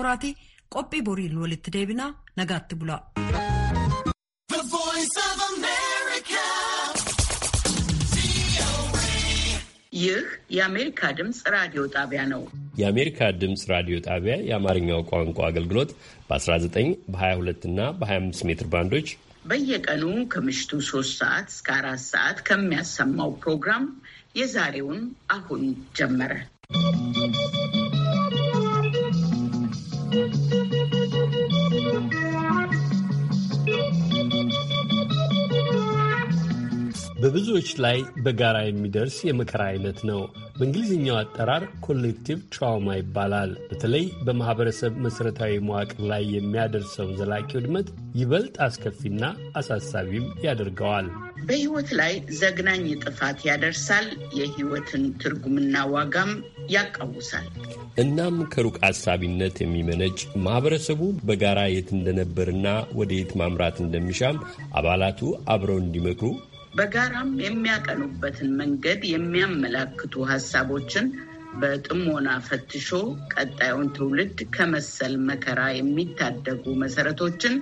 Horaatii qophii boriin walitti deebinaa nagaatti bulaa. ይህ የአሜሪካ ድምፅ ራዲዮ ጣቢያ ነው። የአሜሪካ ድምፅ ራዲዮ ጣቢያ የአማርኛው ቋንቋ አገልግሎት በ19 በ22 እና በ25 ሜትር ባንዶች በየቀኑ ከምሽቱ 3 ሰዓት እስከ 4 ሰዓት ከሚያሰማው ፕሮግራም የዛሬውን አሁን ጀመረ። በብዙዎች ላይ በጋራ የሚደርስ የመከራ አይነት ነው። በእንግሊዝኛው አጠራር ኮሌክቲቭ ትራውማ ይባላል። በተለይ በማኅበረሰብ መሠረታዊ መዋቅር ላይ የሚያደርሰውን ዘላቂ ውድመት ይበልጥ አስከፊና አሳሳቢም ያደርገዋል። በሕይወት ላይ ዘግናኝ ጥፋት ያደርሳል። የሕይወትን ትርጉምና ዋጋም ያቃውሳል። እናም ከሩቅ አሳቢነት የሚመነጭ ማኅበረሰቡ በጋራ የት እንደነበርና ወደ የት ማምራት እንደሚሻም አባላቱ አብረው እንዲመክሩ በጋራም የሚያቀኑበትን መንገድ የሚያመላክቱ ሀሳቦችን በጥሞና ፈትሾ ቀጣዩን ትውልድ ከመሰል መከራ የሚታደጉ መሰረቶችን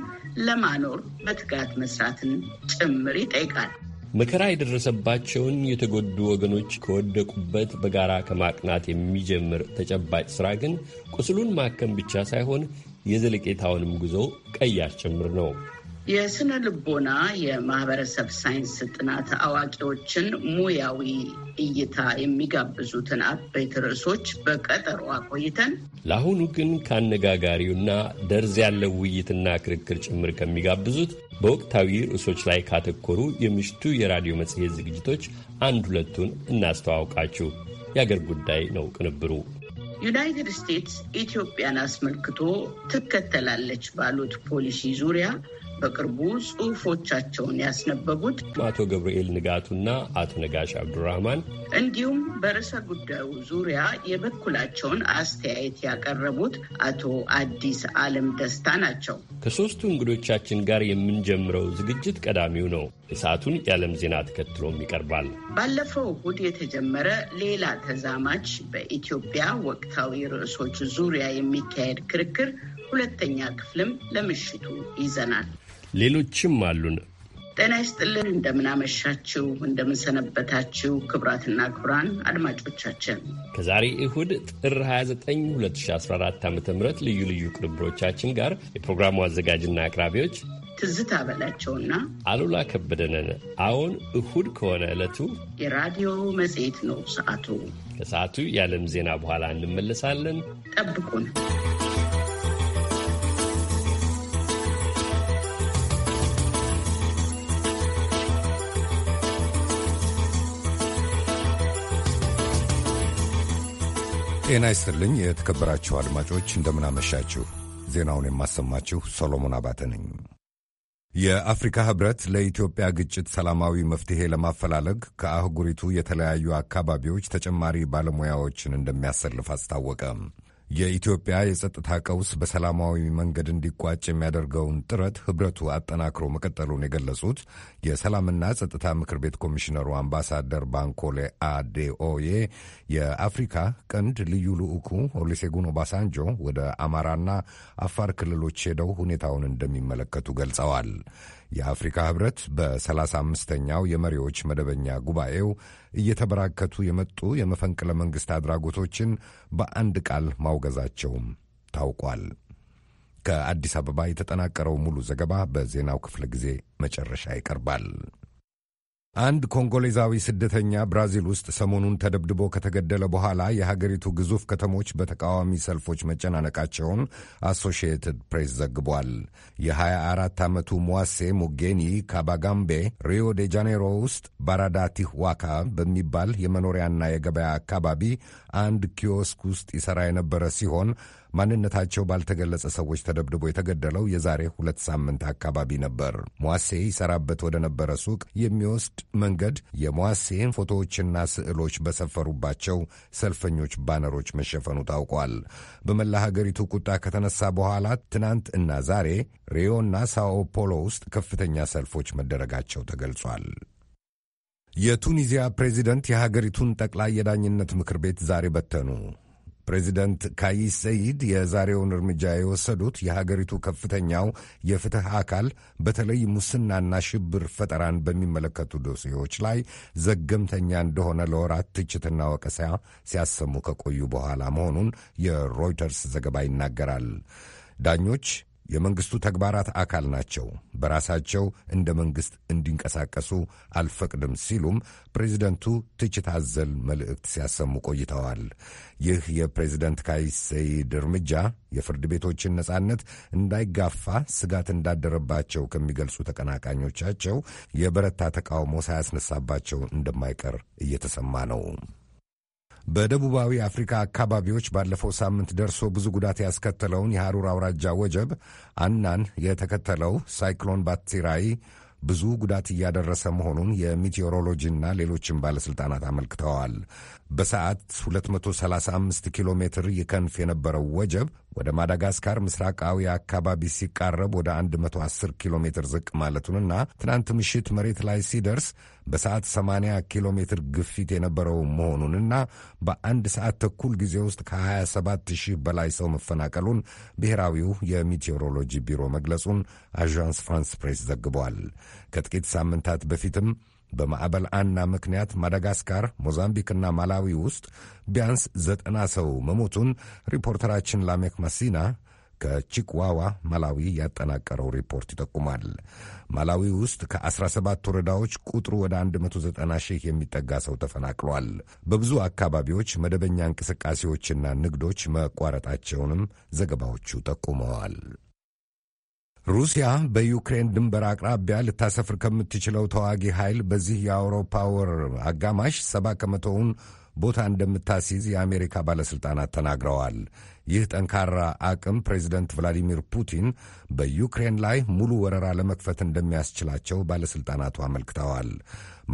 ለማኖር በትጋት መስራትን ጭምር ይጠይቃል። መከራ የደረሰባቸውን የተጎዱ ወገኖች ከወደቁበት በጋራ ከማቅናት የሚጀምር ተጨባጭ ስራ ግን ቁስሉን ማከም ብቻ ሳይሆን የዘለቄታውንም ጉዞ ቀያስ ጭምር ነው። የስነ ልቦና የማህበረሰብ ሳይንስ ጥናት አዋቂዎችን ሙያዊ እይታ የሚጋብዙትን አበይት ርዕሶች በቀጠሮ አቆይተን ለአሁኑ ግን ከአነጋጋሪውና ደርዝ ያለው ውይይትና ክርክር ጭምር ከሚጋብዙት በወቅታዊ ርዕሶች ላይ ካተኮሩ የምሽቱ የራዲዮ መጽሔት ዝግጅቶች አንድ ሁለቱን እናስተዋውቃችሁ። የአገር ጉዳይ ነው ቅንብሩ። ዩናይትድ ስቴትስ ኢትዮጵያን አስመልክቶ ትከተላለች ባሉት ፖሊሲ ዙሪያ በቅርቡ ጽሑፎቻቸውን ያስነበቡት አቶ ገብርኤል ንጋቱና አቶ ነጋሽ አብዱራህማን እንዲሁም በርዕሰ ጉዳዩ ዙሪያ የበኩላቸውን አስተያየት ያቀረቡት አቶ አዲስ ዓለም ደስታ ናቸው። ከሦስቱ እንግዶቻችን ጋር የምንጀምረው ዝግጅት ቀዳሚው ነው። የሰዓቱን የዓለም ዜና ተከትሎም ይቀርባል። ባለፈው እሁድ የተጀመረ ሌላ ተዛማች በኢትዮጵያ ወቅታዊ ርዕሶች ዙሪያ የሚካሄድ ክርክር ሁለተኛ ክፍልም ለምሽቱ ይዘናል። ሌሎችም አሉን። ጤና ይስጥልን። እንደምናመሻችው እንደምንሰነበታችው ክብራትና ክብራን አድማጮቻችን ከዛሬ እሁድ ጥር 29 2014 ዓ ም ልዩ ልዩ ቅንብሮቻችን ጋር የፕሮግራሙ አዘጋጅና አቅራቢዎች ትዝታ በላቸውና አሉላ ከበደነን። አሁን እሁድ ከሆነ ዕለቱ የራዲዮ መጽሔት ነው። ሰዓቱ ከሰዓቱ የዓለም ዜና በኋላ እንመለሳለን። ጠብቁን። ጤና ይስጥልኝ የተከበራችሁ አድማጮች እንደምናመሻችሁ። ዜናውን የማሰማችሁ ሶሎሞን አባተ ነኝ። የአፍሪካ ህብረት ለኢትዮጵያ ግጭት ሰላማዊ መፍትሄ ለማፈላለግ ከአህጉሪቱ የተለያዩ አካባቢዎች ተጨማሪ ባለሙያዎችን እንደሚያሰልፍ አስታወቀ። የኢትዮጵያ የጸጥታ ቀውስ በሰላማዊ መንገድ እንዲቋጭ የሚያደርገውን ጥረት ህብረቱ አጠናክሮ መቀጠሉን የገለጹት የሰላምና ጸጥታ ምክር ቤት ኮሚሽነሩ አምባሳደር ባንኮሌ አዴኦዬ የአፍሪካ ቀንድ ልዩ ልዑኩ ኦሉሴጉን ኦባሳንጆ ወደ አማራና አፋር ክልሎች ሄደው ሁኔታውን እንደሚመለከቱ ገልጸዋል። የአፍሪካ ህብረት በ35ኛው የመሪዎች መደበኛ ጉባኤው እየተበራከቱ የመጡ የመፈንቅለ መንግሥት አድራጎቶችን በአንድ ቃል ማውገዛቸውም ታውቋል። ከአዲስ አበባ የተጠናቀረው ሙሉ ዘገባ በዜናው ክፍለ ጊዜ መጨረሻ ይቀርባል። አንድ ኮንጎሌዛዊ ስደተኛ ብራዚል ውስጥ ሰሞኑን ተደብድቦ ከተገደለ በኋላ የሀገሪቱ ግዙፍ ከተሞች በተቃዋሚ ሰልፎች መጨናነቃቸውን አሶሺየትድ ፕሬስ ዘግቧል። የ24 ዓመቱ ሟሴ ሙጌኒ ካባጋምቤ ሪዮ ዴ ጃኔሮ ውስጥ ባራዳ ቲህዋካ በሚባል የመኖሪያና የገበያ አካባቢ አንድ ኪዮስክ ውስጥ ይሠራ የነበረ ሲሆን ማንነታቸው ባልተገለጸ ሰዎች ተደብድቦ የተገደለው የዛሬ ሁለት ሳምንት አካባቢ ነበር። ሟሴ ይሰራበት ወደ ነበረ ሱቅ የሚወስድ መንገድ የሟሴን ፎቶዎችና ስዕሎች በሰፈሩባቸው ሰልፈኞች ባነሮች መሸፈኑ ታውቋል። በመላ ሀገሪቱ ቁጣ ከተነሳ በኋላ ትናንት እና ዛሬ ሪዮና ሳኦ ፖሎ ውስጥ ከፍተኛ ሰልፎች መደረጋቸው ተገልጿል። የቱኒዚያ ፕሬዚደንት የሀገሪቱን ጠቅላይ የዳኝነት ምክር ቤት ዛሬ በተኑ። ፕሬዚደንት ካይስ ሰይድ የዛሬውን እርምጃ የወሰዱት የሀገሪቱ ከፍተኛው የፍትህ አካል በተለይ ሙስናና ሽብር ፈጠራን በሚመለከቱ ዶሴዎች ላይ ዘገምተኛ እንደሆነ ለወራት ትችትና ወቀሳ ሲያሰሙ ከቆዩ በኋላ መሆኑን የሮይተርስ ዘገባ ይናገራል። ዳኞች የመንግስቱ ተግባራት አካል ናቸው፣ በራሳቸው እንደ መንግስት እንዲንቀሳቀሱ አልፈቅድም ሲሉም ፕሬዚደንቱ ትችት አዘል መልእክት ሲያሰሙ ቆይተዋል። ይህ የፕሬዚደንት ካይስ ሰይድ እርምጃ የፍርድ ቤቶችን ነጻነት እንዳይጋፋ ስጋት እንዳደረባቸው ከሚገልጹ ተቀናቃኞቻቸው የበረታ ተቃውሞ ሳያስነሳባቸው እንደማይቀር እየተሰማ ነው። በደቡባዊ አፍሪካ አካባቢዎች ባለፈው ሳምንት ደርሶ ብዙ ጉዳት ያስከተለውን የሐሩር አውራጃ ወጀብ አናን የተከተለው ሳይክሎን ባትሲራይ ብዙ ጉዳት እያደረሰ መሆኑን የሚቴዎሮሎጂና ሌሎችም ባለሥልጣናት አመልክተዋል። በሰዓት 235 ኪሎ ሜትር ይከንፍ የነበረው ወጀብ ወደ ማዳጋስካር ምስራቃዊ አካባቢ ሲቃረብ ወደ 110 ኪሎ ሜትር ዝቅ ማለቱንና ትናንት ምሽት መሬት ላይ ሲደርስ በሰዓት 80 ኪሎ ሜትር ግፊት የነበረው መሆኑንና በአንድ ሰዓት ተኩል ጊዜ ውስጥ ከ27 ሺህ በላይ ሰው መፈናቀሉን ብሔራዊው የሚቴዎሮሎጂ ቢሮ መግለጹን አዣንስ ፍራንስ ፕሬስ ዘግቧል። ከጥቂት ሳምንታት በፊትም በማዕበል አና ምክንያት ማዳጋስካር፣ ሞዛምቢክና ማላዊ ውስጥ ቢያንስ ዘጠና ሰው መሞቱን ሪፖርተራችን ላሜክ መሲና ከቺክዋዋ ማላዊ ያጠናቀረው ሪፖርት ይጠቁማል። ማላዊ ውስጥ ከ17 ወረዳዎች ቁጥሩ ወደ 190 ሺህ የሚጠጋ ሰው ተፈናቅሏል። በብዙ አካባቢዎች መደበኛ እንቅስቃሴዎችና ንግዶች መቋረጣቸውንም ዘገባዎቹ ጠቁመዋል። ሩሲያ በዩክሬን ድንበር አቅራቢያ ልታሰፍር ከምትችለው ተዋጊ ኃይል በዚህ የአውሮፓ ወር አጋማሽ ሰባ ከመቶውን ቦታ እንደምታስይዝ የአሜሪካ ባለሥልጣናት ተናግረዋል። ይህ ጠንካራ አቅም ፕሬዚደንት ቭላዲሚር ፑቲን በዩክሬን ላይ ሙሉ ወረራ ለመክፈት እንደሚያስችላቸው ባለሥልጣናቱ አመልክተዋል።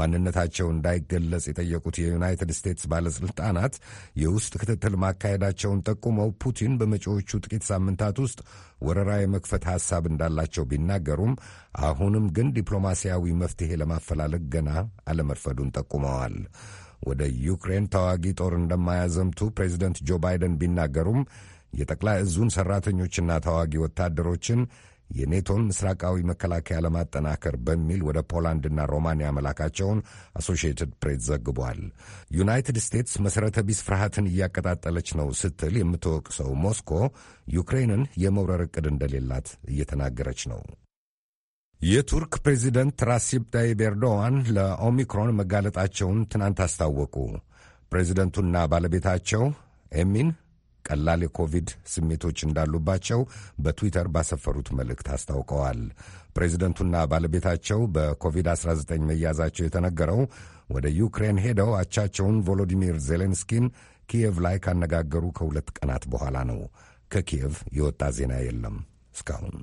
ማንነታቸው እንዳይገለጽ የጠየቁት የዩናይትድ ስቴትስ ባለሥልጣናት የውስጥ ክትትል ማካሄዳቸውን ጠቁመው ፑቲን በመጪዎቹ ጥቂት ሳምንታት ውስጥ ወረራ የመክፈት ሐሳብ እንዳላቸው ቢናገሩም አሁንም ግን ዲፕሎማሲያዊ መፍትሔ ለማፈላለግ ገና አለመርፈዱን ጠቁመዋል። ወደ ዩክሬን ተዋጊ ጦር እንደማያዘምቱ ፕሬዚደንት ጆ ባይደን ቢናገሩም የጠቅላይ እዙን ሠራተኞችና ተዋጊ ወታደሮችን የኔቶን ምስራቃዊ መከላከያ ለማጠናከር በሚል ወደ ፖላንድና ሮማንያ መላካቸውን አሶሺየትድ ፕሬስ ዘግቧል። ዩናይትድ ስቴትስ መሠረተ ቢስ ፍርሃትን እያቀጣጠለች ነው ስትል የምትወቅሰው ሞስኮ ዩክሬንን የመውረር ዕቅድ እንደሌላት እየተናገረች ነው። የቱርክ ፕሬዚደንት ራሲብ ታይብ ኤርዶዋን ለኦሚክሮን መጋለጣቸውን ትናንት አስታወቁ። ፕሬዚደንቱና ባለቤታቸው ኤሚን ቀላል የኮቪድ ስሜቶች እንዳሉባቸው በትዊተር ባሰፈሩት መልእክት አስታውቀዋል። ፕሬዚደንቱና ባለቤታቸው በኮቪድ-19 መያዛቸው የተነገረው ወደ ዩክሬን ሄደው አቻቸውን ቮሎዲሚር ዜሌንስኪን ኪየቭ ላይ ካነጋገሩ ከሁለት ቀናት በኋላ ነው። ከኪየቭ የወጣ ዜና የለም እስካሁን።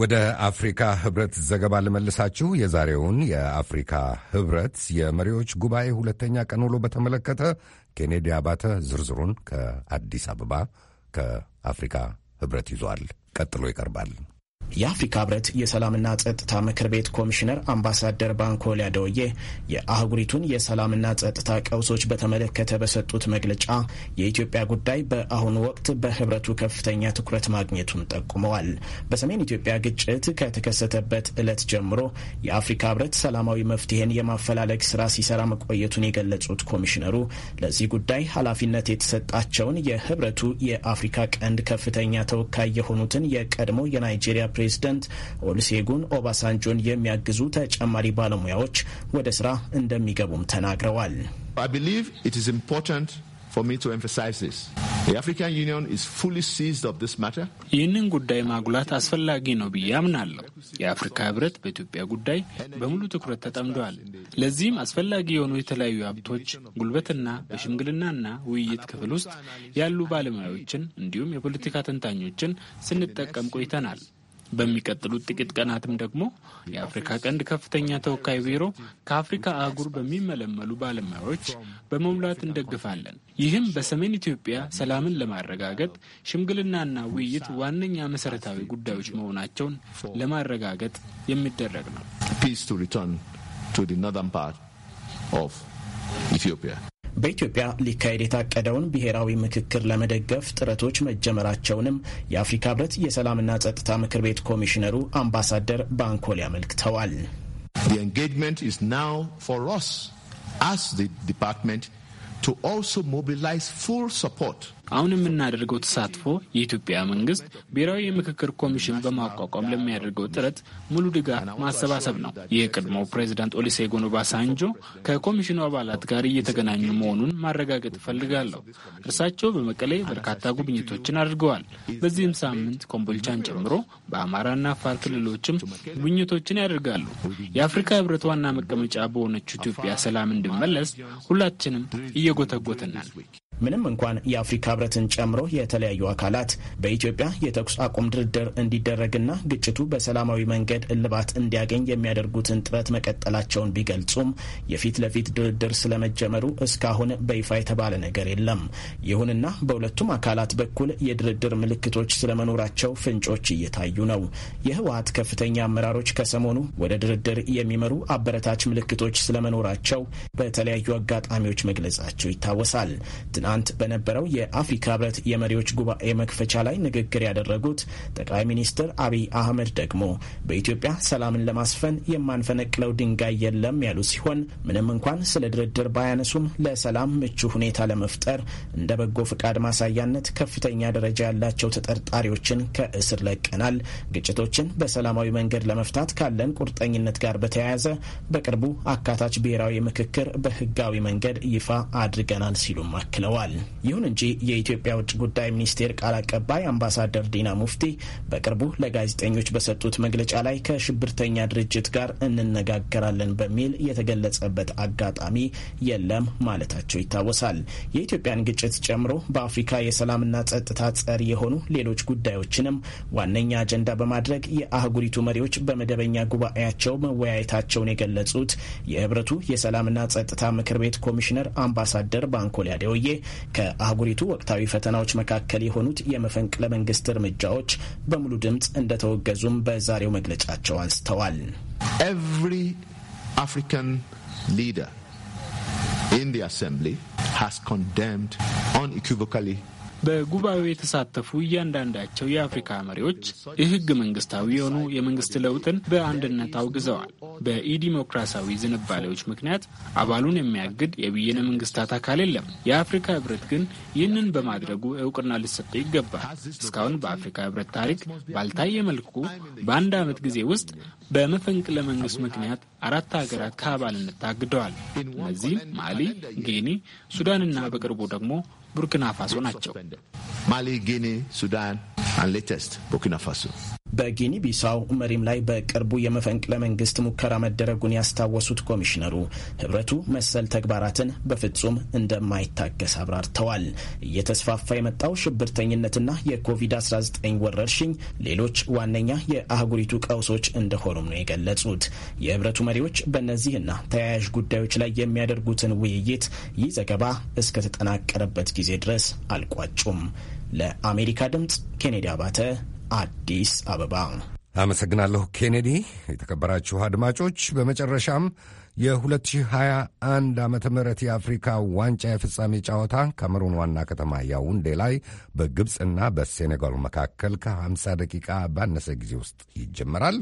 ወደ አፍሪካ ህብረት ዘገባ ልመልሳችሁ። የዛሬውን የአፍሪካ ህብረት የመሪዎች ጉባኤ ሁለተኛ ቀን ውሎ በተመለከተ ኬኔዲ አባተ ዝርዝሩን ከአዲስ አበባ ከአፍሪካ ህብረት ይዟል። ቀጥሎ ይቀርባል። የአፍሪካ ህብረት የሰላምና ጸጥታ ምክር ቤት ኮሚሽነር አምባሳደር ባንኮሊያ ደውዬ የአህጉሪቱን የሰላምና ጸጥታ ቀውሶች በተመለከተ በሰጡት መግለጫ የኢትዮጵያ ጉዳይ በአሁኑ ወቅት በህብረቱ ከፍተኛ ትኩረት ማግኘቱን ጠቁመዋል። በሰሜን ኢትዮጵያ ግጭት ከተከሰተበት ዕለት ጀምሮ የአፍሪካ ህብረት ሰላማዊ መፍትሄን የማፈላለግ ስራ ሲሰራ መቆየቱን የገለጹት ኮሚሽነሩ ለዚህ ጉዳይ ኃላፊነት የተሰጣቸውን የህብረቱ የአፍሪካ ቀንድ ከፍተኛ ተወካይ የሆኑትን የቀድሞ የናይጄሪያ ፕሬዝደንት ኦልሴጉን ኦባሳንጆን የሚያግዙ ተጨማሪ ባለሙያዎች ወደ ስራ እንደሚገቡም ተናግረዋል። ይህንን ጉዳይ ማጉላት አስፈላጊ ነው ብዬ አምናለሁ። የአፍሪካ ህብረት በኢትዮጵያ ጉዳይ በሙሉ ትኩረት ተጠምደዋል። ለዚህም አስፈላጊ የሆኑ የተለያዩ ሀብቶች፣ ጉልበትና በሽምግልናና ውይይት ክፍል ውስጥ ያሉ ባለሙያዎችን እንዲሁም የፖለቲካ ተንታኞችን ስንጠቀም ቆይተናል። በሚቀጥሉት ጥቂት ቀናትም ደግሞ የአፍሪካ ቀንድ ከፍተኛ ተወካይ ቢሮ ከአፍሪካ አህጉር በሚመለመሉ ባለሙያዎች በመሙላት እንደግፋለን። ይህም በሰሜን ኢትዮጵያ ሰላምን ለማረጋገጥ ሽምግልናና ውይይት ዋነኛ መሰረታዊ ጉዳዮች መሆናቸውን ለማረጋገጥ የሚደረግ ነው። በኢትዮጵያ ሊካሄድ የታቀደውን ብሔራዊ ምክክር ለመደገፍ ጥረቶች መጀመራቸውንም የአፍሪካ ህብረት የሰላምና ጸጥታ ምክር ቤት ኮሚሽነሩ አምባሳደር ባንኮሊ አመልክተዋል። ዲፓርትመንት ቱ ኦልሶ ሞቢላይዝ ፉል ሰፖርት አሁን የምናደርገው ተሳትፎ የኢትዮጵያ መንግስት ብሔራዊ የምክክር ኮሚሽን በማቋቋም ለሚያደርገው ጥረት ሙሉ ድጋፍ ማሰባሰብ ነው። የቀድሞው ፕሬዚዳንት ኦሊሴጎን ኦባሳንጆ ከኮሚሽኑ አባላት ጋር እየተገናኙ መሆኑን ማረጋገጥ እፈልጋለሁ። እርሳቸው በመቀሌ በርካታ ጉብኝቶችን አድርገዋል። በዚህም ሳምንት ኮምቦልቻን ጨምሮ በአማራና አፋር ክልሎችም ጉብኝቶችን ያደርጋሉ። የአፍሪካ ህብረት ዋና መቀመጫ በሆነችው ኢትዮጵያ ሰላም እንድመለስ ሁላችንም እየጎተጎትናል። ምንም እንኳን የአፍሪካ ህብረትን ጨምሮ የተለያዩ አካላት በኢትዮጵያ የተኩስ አቁም ድርድር እንዲደረግና ግጭቱ በሰላማዊ መንገድ እልባት እንዲያገኝ የሚያደርጉትን ጥረት መቀጠላቸውን ቢገልጹም የፊት ለፊት ድርድር ስለመጀመሩ እስካሁን በይፋ የተባለ ነገር የለም። ይሁንና በሁለቱም አካላት በኩል የድርድር ምልክቶች ስለመኖራቸው ፍንጮች እየታዩ ነው። የህወሀት ከፍተኛ አመራሮች ከሰሞኑ ወደ ድርድር የሚመሩ አበረታች ምልክቶች ስለመኖራቸው በተለያዩ አጋጣሚዎች መግለጻቸው ይታወሳል። ትናንት በነበረው የአፍሪካ ህብረት የመሪዎች ጉባኤ መክፈቻ ላይ ንግግር ያደረጉት ጠቅላይ ሚኒስትር አቢይ አህመድ ደግሞ በኢትዮጵያ ሰላምን ለማስፈን የማንፈነቅለው ድንጋይ የለም ያሉ ሲሆን ምንም እንኳን ስለ ድርድር ባያነሱም ለሰላም ምቹ ሁኔታ ለመፍጠር እንደ በጎ ፈቃድ ማሳያነት ከፍተኛ ደረጃ ያላቸው ተጠርጣሪዎችን ከእስር ለቀናል። ግጭቶችን በሰላማዊ መንገድ ለመፍታት ካለን ቁርጠኝነት ጋር በተያያዘ በቅርቡ አካታች ብሔራዊ ምክክር በህጋዊ መንገድ ይፋ አድርገናል ሲሉም አክለዋል። አድርገዋል። ይሁን እንጂ የኢትዮጵያ ውጭ ጉዳይ ሚኒስቴር ቃል አቀባይ አምባሳደር ዲና ሙፍቲ በቅርቡ ለጋዜጠኞች በሰጡት መግለጫ ላይ ከሽብርተኛ ድርጅት ጋር እንነጋገራለን በሚል የተገለጸበት አጋጣሚ የለም ማለታቸው ይታወሳል። የኢትዮጵያን ግጭት ጨምሮ በአፍሪካ የሰላምና ጸጥታ ጸር የሆኑ ሌሎች ጉዳዮችንም ዋነኛ አጀንዳ በማድረግ የአህጉሪቱ መሪዎች በመደበኛ ጉባኤያቸው መወያየታቸውን የገለጹት የህብረቱ የሰላምና ጸጥታ ምክር ቤት ኮሚሽነር አምባሳደር ባንኮሊያ ደውዬ ከአህጉሪቱ ወቅታዊ ፈተናዎች መካከል የሆኑት የመፈንቅለ መንግስት እርምጃዎች በሙሉ ድምፅ እንደተወገዙም በዛሬው መግለጫቸው አንስተዋል። ኤቭሪ አፍሪካን ሊደር ኢን ዘ አሰምብሊ ሃስ ኮንደምድ unequivocally በጉባኤው የተሳተፉ እያንዳንዳቸው የአፍሪካ መሪዎች የህግ መንግስታዊ የሆኑ የመንግስት ለውጥን በአንድነት አውግዘዋል። በኢዲሞክራሲያዊ ዝንባሌዎች ምክንያት አባሉን የሚያግድ የብይነ መንግስታት አካል የለም። የአፍሪካ ህብረት ግን ይህንን በማድረጉ እውቅና ሊሰጠው ይገባል። እስካሁን በአፍሪካ ህብረት ታሪክ ባልታየ መልኩ በአንድ ዓመት ጊዜ ውስጥ በመፈንቅለ መንግስት ምክንያት አራት ሀገራት ከአባልነት ታግደዋል። እነዚህም ማሊ፣ ጊኒ፣ ሱዳንና በቅርቡ ደግሞ ቡርኪና ፋሶ ናቸው። ማሊ፣ ጊኒ፣ ሱዳን ቡርኪና ፋሶ በጊኒ ቢሳው መሪም ላይ በቅርቡ የመፈንቅለ መንግስት ሙከራ መደረጉን ያስታወሱት ኮሚሽነሩ ህብረቱ መሰል ተግባራትን በፍጹም እንደማይታገስ አብራርተዋል። እየተስፋፋ የመጣው ሽብርተኝነትና የኮቪድ-19 ወረርሽኝ ሌሎች ዋነኛ የአህጉሪቱ ቀውሶች እንደሆኑም ነው የገለጹት። የህብረቱ መሪዎች በእነዚህና ተያያዥ ጉዳዮች ላይ የሚያደርጉትን ውይይት ይህ ዘገባ እስከተጠናቀረበት ጊዜ ድረስ አልቋጩም። ለአሜሪካ ድምጽ ኬኔዲ አባተ አዲስ አበባ። አመሰግናለሁ ኬኔዲ። የተከበራችሁ አድማጮች፣ በመጨረሻም የ2021 ዓመተ ምህረት የአፍሪካ ዋንጫ የፍጻሜ ጨዋታ ካሜሩን ዋና ከተማ ያውንዴ ላይ በግብፅና በሴኔጋል መካከል ከ50 ደቂቃ ባነሰ ጊዜ ውስጥ ይጀመራል።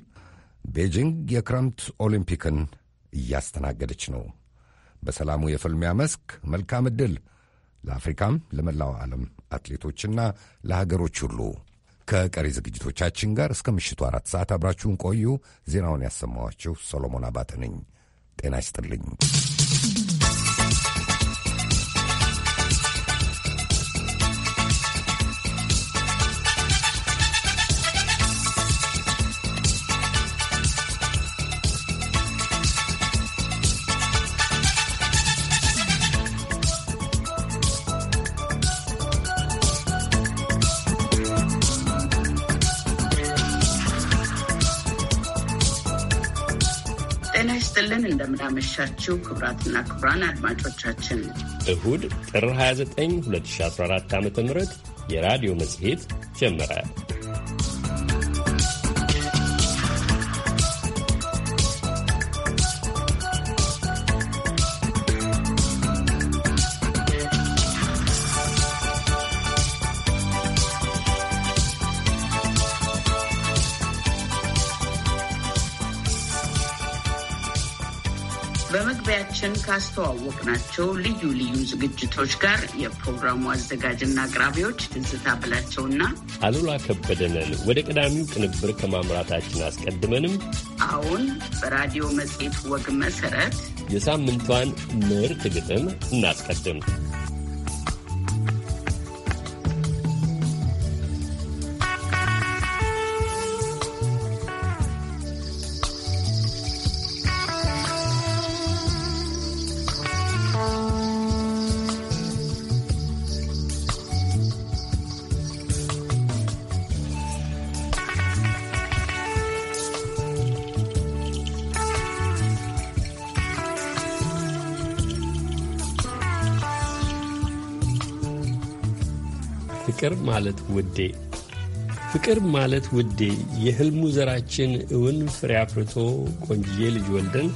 ቤጂንግ የክረምት ኦሊምፒክን እያስተናገደች ነው። በሰላሙ የፍልሚያ መስክ መልካም ዕድል ለአፍሪካም ለመላው ዓለም አትሌቶችና ለሀገሮች ሁሉ። ከቀሪ ዝግጅቶቻችን ጋር እስከ ምሽቱ አራት ሰዓት አብራችሁን ቆዩ። ዜናውን ያሰማኋችሁ ሶሎሞን አባተ ነኝ። ጤና ይስጥልኝ። እናመሰግናለን። እንደምናመሻችው ክቡራትና ክቡራን አድማጮቻችን እሁድ ጥር 29 2014 ዓ ም የራዲዮ መጽሔት ጀመረ። በመግቢያችን ካስተዋወቅናቸው ልዩ ልዩ ዝግጅቶች ጋር የፕሮግራሙ አዘጋጅና አቅራቢዎች ትዝታ ብላቸውና አሉላ ከበደነን ወደ ቀዳሚው ቅንብር ከማምራታችን አስቀድመንም አሁን በራዲዮ መጽሔት ወግ መሰረት የሳምንቷን ምርጥ ግጥም እናስቀድም። ማለት ውዴ ፍቅር ማለት ውዴ የህልሙ ዘራችን እውን ፍሬ አፍርቶ ቆንጅዬ ልጅ ወልደን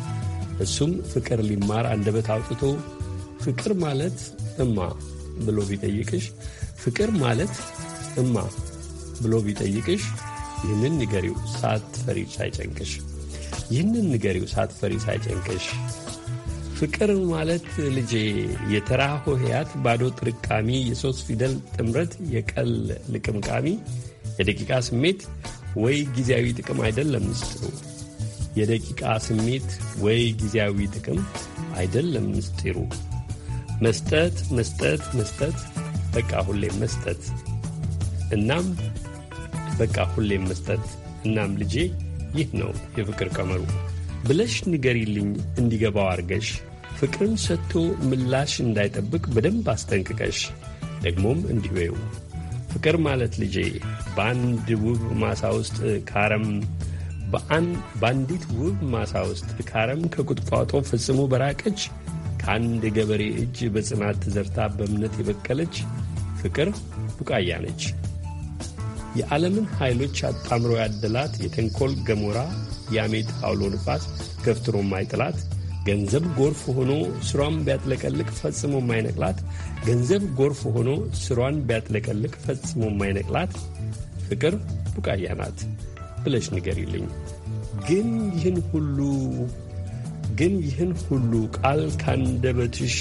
እሱም ፍቅር ሊማር አንደበት አውጥቶ ፍቅር ማለት እማ ብሎ ቢጠይቅሽ ፍቅር ማለት እማ ብሎ ቢጠይቅሽ ይህንን ንገሪው ሳትፈሪ ሳይጨንቅሽ ይህንን ንገሪው ሳትፈሪ ሳይጨንቅሽ ፍቅር ማለት ልጄ የተራ ሆሄያት ባዶ ጥርቃሚ የሶስት ፊደል ጥምረት የቀል ልቅምቃሚ የደቂቃ ስሜት ወይ ጊዜያዊ ጥቅም አይደለም ምስጢሩ የደቂቃ ስሜት ወይ ጊዜያዊ ጥቅም አይደለም ምስጢሩ መስጠት መስጠት መስጠት በቃ ሁሌም መስጠት እናም በቃ ሁሌም መስጠት እናም ልጄ ይህ ነው የፍቅር ቀመሩ ብለሽ ንገሪልኝ እንዲገባው አርገሽ ፍቅርን ሰጥቶ ምላሽ እንዳይጠብቅ በደንብ አስጠንቅቀሽ ደግሞም እንዲሁ ፍቅር ማለት ልጄ በአንድ ውብ ማሳ ውስጥ ካረም በአንዲት ውብ ማሳ ውስጥ ካረም ከቁጥቋጦ ፈጽሞ በራቀች ከአንድ ገበሬ እጅ በጽናት ተዘርታ በእምነት የበቀለች ፍቅር ቡቃያ ነች። የዓለምን ኃይሎች አጣምሮ ያደላት የተንኮል ገሞራ፣ የአሜት አውሎ ንፋስ ገፍትሮ ማይጥላት ገንዘብ ጎርፍ ሆኖ ስሯን ቢያጥለቀልቅ ፈጽሞ ማይነቅላት ገንዘብ ጎርፍ ሆኖ ስሯን ቢያጥለቀልቅ ፈጽሞ ማይነቅላት ፍቅር ቡቃያ ናት ብለሽ ንገሪልኝ። ግን ይህን ሁሉ ግን ይህን ሁሉ ቃል ካንደበትሽ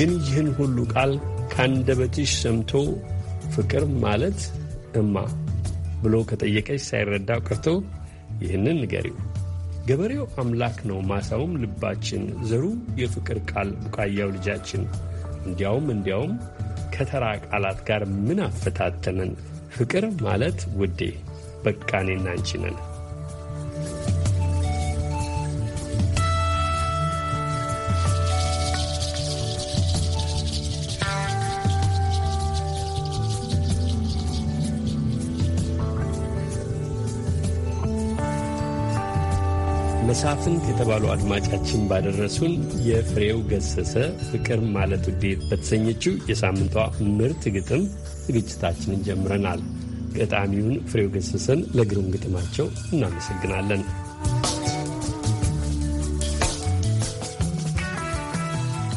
ግን ይህን ሁሉ ቃል ካንደበትሽ ሰምቶ ፍቅር ማለት እማ ብሎ ከጠየቀች ሳይረዳው ቀርቶ ይህንን ንገሪው። ገበሬው አምላክ ነው፣ ማሳውም ልባችን፣ ዘሩ የፍቅር ቃል ቡቃያው ልጃችን። እንዲያውም እንዲያውም ከተራ ቃላት ጋር ምን አፈታተንን? ፍቅር ማለት ውዴ፣ በቃኔና አንቺ ነን። መሳፍንት የተባሉ አድማጫችን ባደረሱን የፍሬው ገሰሰ ፍቅር ማለት ውዴት በተሰኘችው የሳምንቷ ምርጥ ግጥም ዝግጅታችንን ጀምረናል። ገጣሚውን ፍሬው ገሰሰን ለግሩም ግጥማቸው እናመሰግናለን።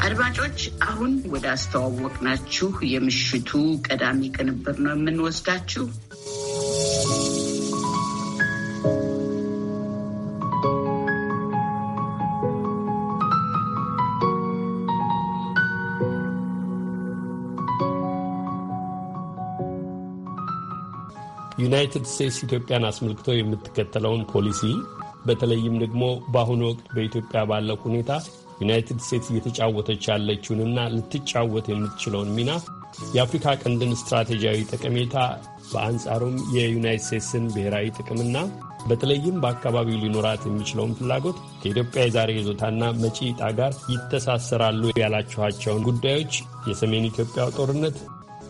አድማጮች አሁን ወደ አስተዋወቅናችሁ የምሽቱ ቀዳሚ ቅንብር ነው የምንወስዳችሁ። ዩናይትድ ስቴትስ ኢትዮጵያን አስመልክቶ የምትከተለውን ፖሊሲ በተለይም ደግሞ በአሁኑ ወቅት በኢትዮጵያ ባለው ሁኔታ ዩናይትድ ስቴትስ እየተጫወተች ያለችውንና ልትጫወት የምትችለውን ሚና፣ የአፍሪካ ቀንድን ስትራቴጂያዊ ጠቀሜታ፣ በአንጻሩም የዩናይት ስቴትስን ብሔራዊ ጥቅምና በተለይም በአካባቢው ሊኖራት የሚችለውን ፍላጎት ከኢትዮጵያ የዛሬ ይዞታና መጪ ዕጣ ጋር ይተሳሰራሉ ያላችኋቸውን ጉዳዮች የሰሜን ኢትዮጵያው ጦርነት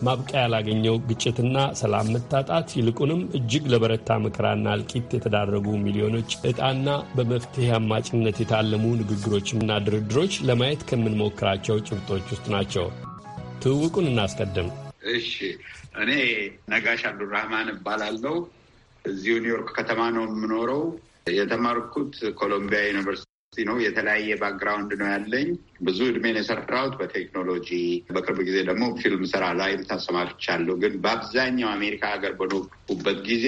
ማብቂያ ያላገኘው ግጭትና ሰላም መታጣት ይልቁንም እጅግ ለበረታ መከራና እልቂት የተዳረጉ ሚሊዮኖች እጣና በመፍትሄ አማጭነት የታለሙ ንግግሮችና ድርድሮች ለማየት ከምንሞክራቸው ጭብጦች ውስጥ ናቸው። ትውውቁን እናስቀድም። እሺ፣ እኔ ነጋሽ አብዱራህማን እባላለሁ። እዚሁ ኒውዮርክ ከተማ ነው የምኖረው። የተማርኩት ኮሎምቢያ ዩኒቨርሲቲ ነው። የተለያየ ባክግራውንድ ነው ያለኝ። ብዙ እድሜን የሰራሁት በቴክኖሎጂ በቅርብ ጊዜ ደግሞ ፊልም ስራ ላይ ተሰማርቻለሁ። ግን በአብዛኛው አሜሪካ ሀገር በኖርኩበት ጊዜ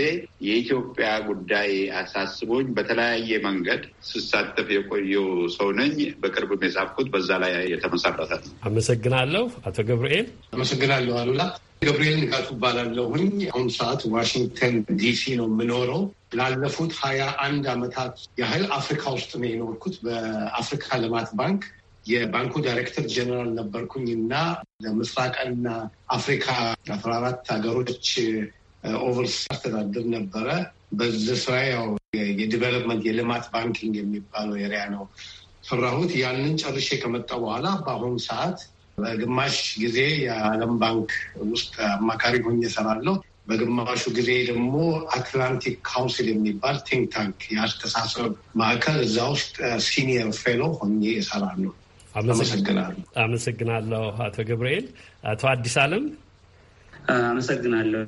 የኢትዮጵያ ጉዳይ አሳስቦኝ በተለያየ መንገድ ስሳተፍ የቆየው ሰው ነኝ። በቅርብም የጻፍኩት በዛ ላይ የተመሰረተ ነው። አመሰግናለሁ። አቶ ገብርኤል አመሰግናለሁ። አሉላ ገብርኤል ንጋቱ እባላለሁኝ። አሁን ሰዓት ዋሽንግተን ዲሲ ነው የምኖረው። ላለፉት ሀያ አንድ ዓመታት ያህል አፍሪካ ውስጥ ነው የኖርኩት። በአፍሪካ ልማት ባንክ የባንኩ ዳይሬክተር ጀነራል ነበርኩኝ እና ለምስራቅና አፍሪካ አስራ አራት ሀገሮች uh, ኦቨርስ አስተዳድር ነበረ። በዚህ ስራ ያው የዲቨሎፕመንት የልማት ባንኪንግ የሚባለው ኤሪያ ነው ሰራሁት። ያንን ጨርሼ ከመጣ በኋላ በአሁኑ ሰዓት በግማሽ ጊዜ የዓለም ባንክ ውስጥ አማካሪ ሆኜ እሰራለሁ። በግማሹ ጊዜ ደግሞ አትላንቲክ ካውንስል የሚባል ቲንክ ታንክ የአስተሳሰብ ማዕከል እዛ ውስጥ ሲኒየር uh, ፌሎ ሆኜ ነው። አመሰግናለሁ። አመሰግናለሁ አቶ ገብርኤል። አቶ አዲስ አለም uh, አመሰግናለሁ።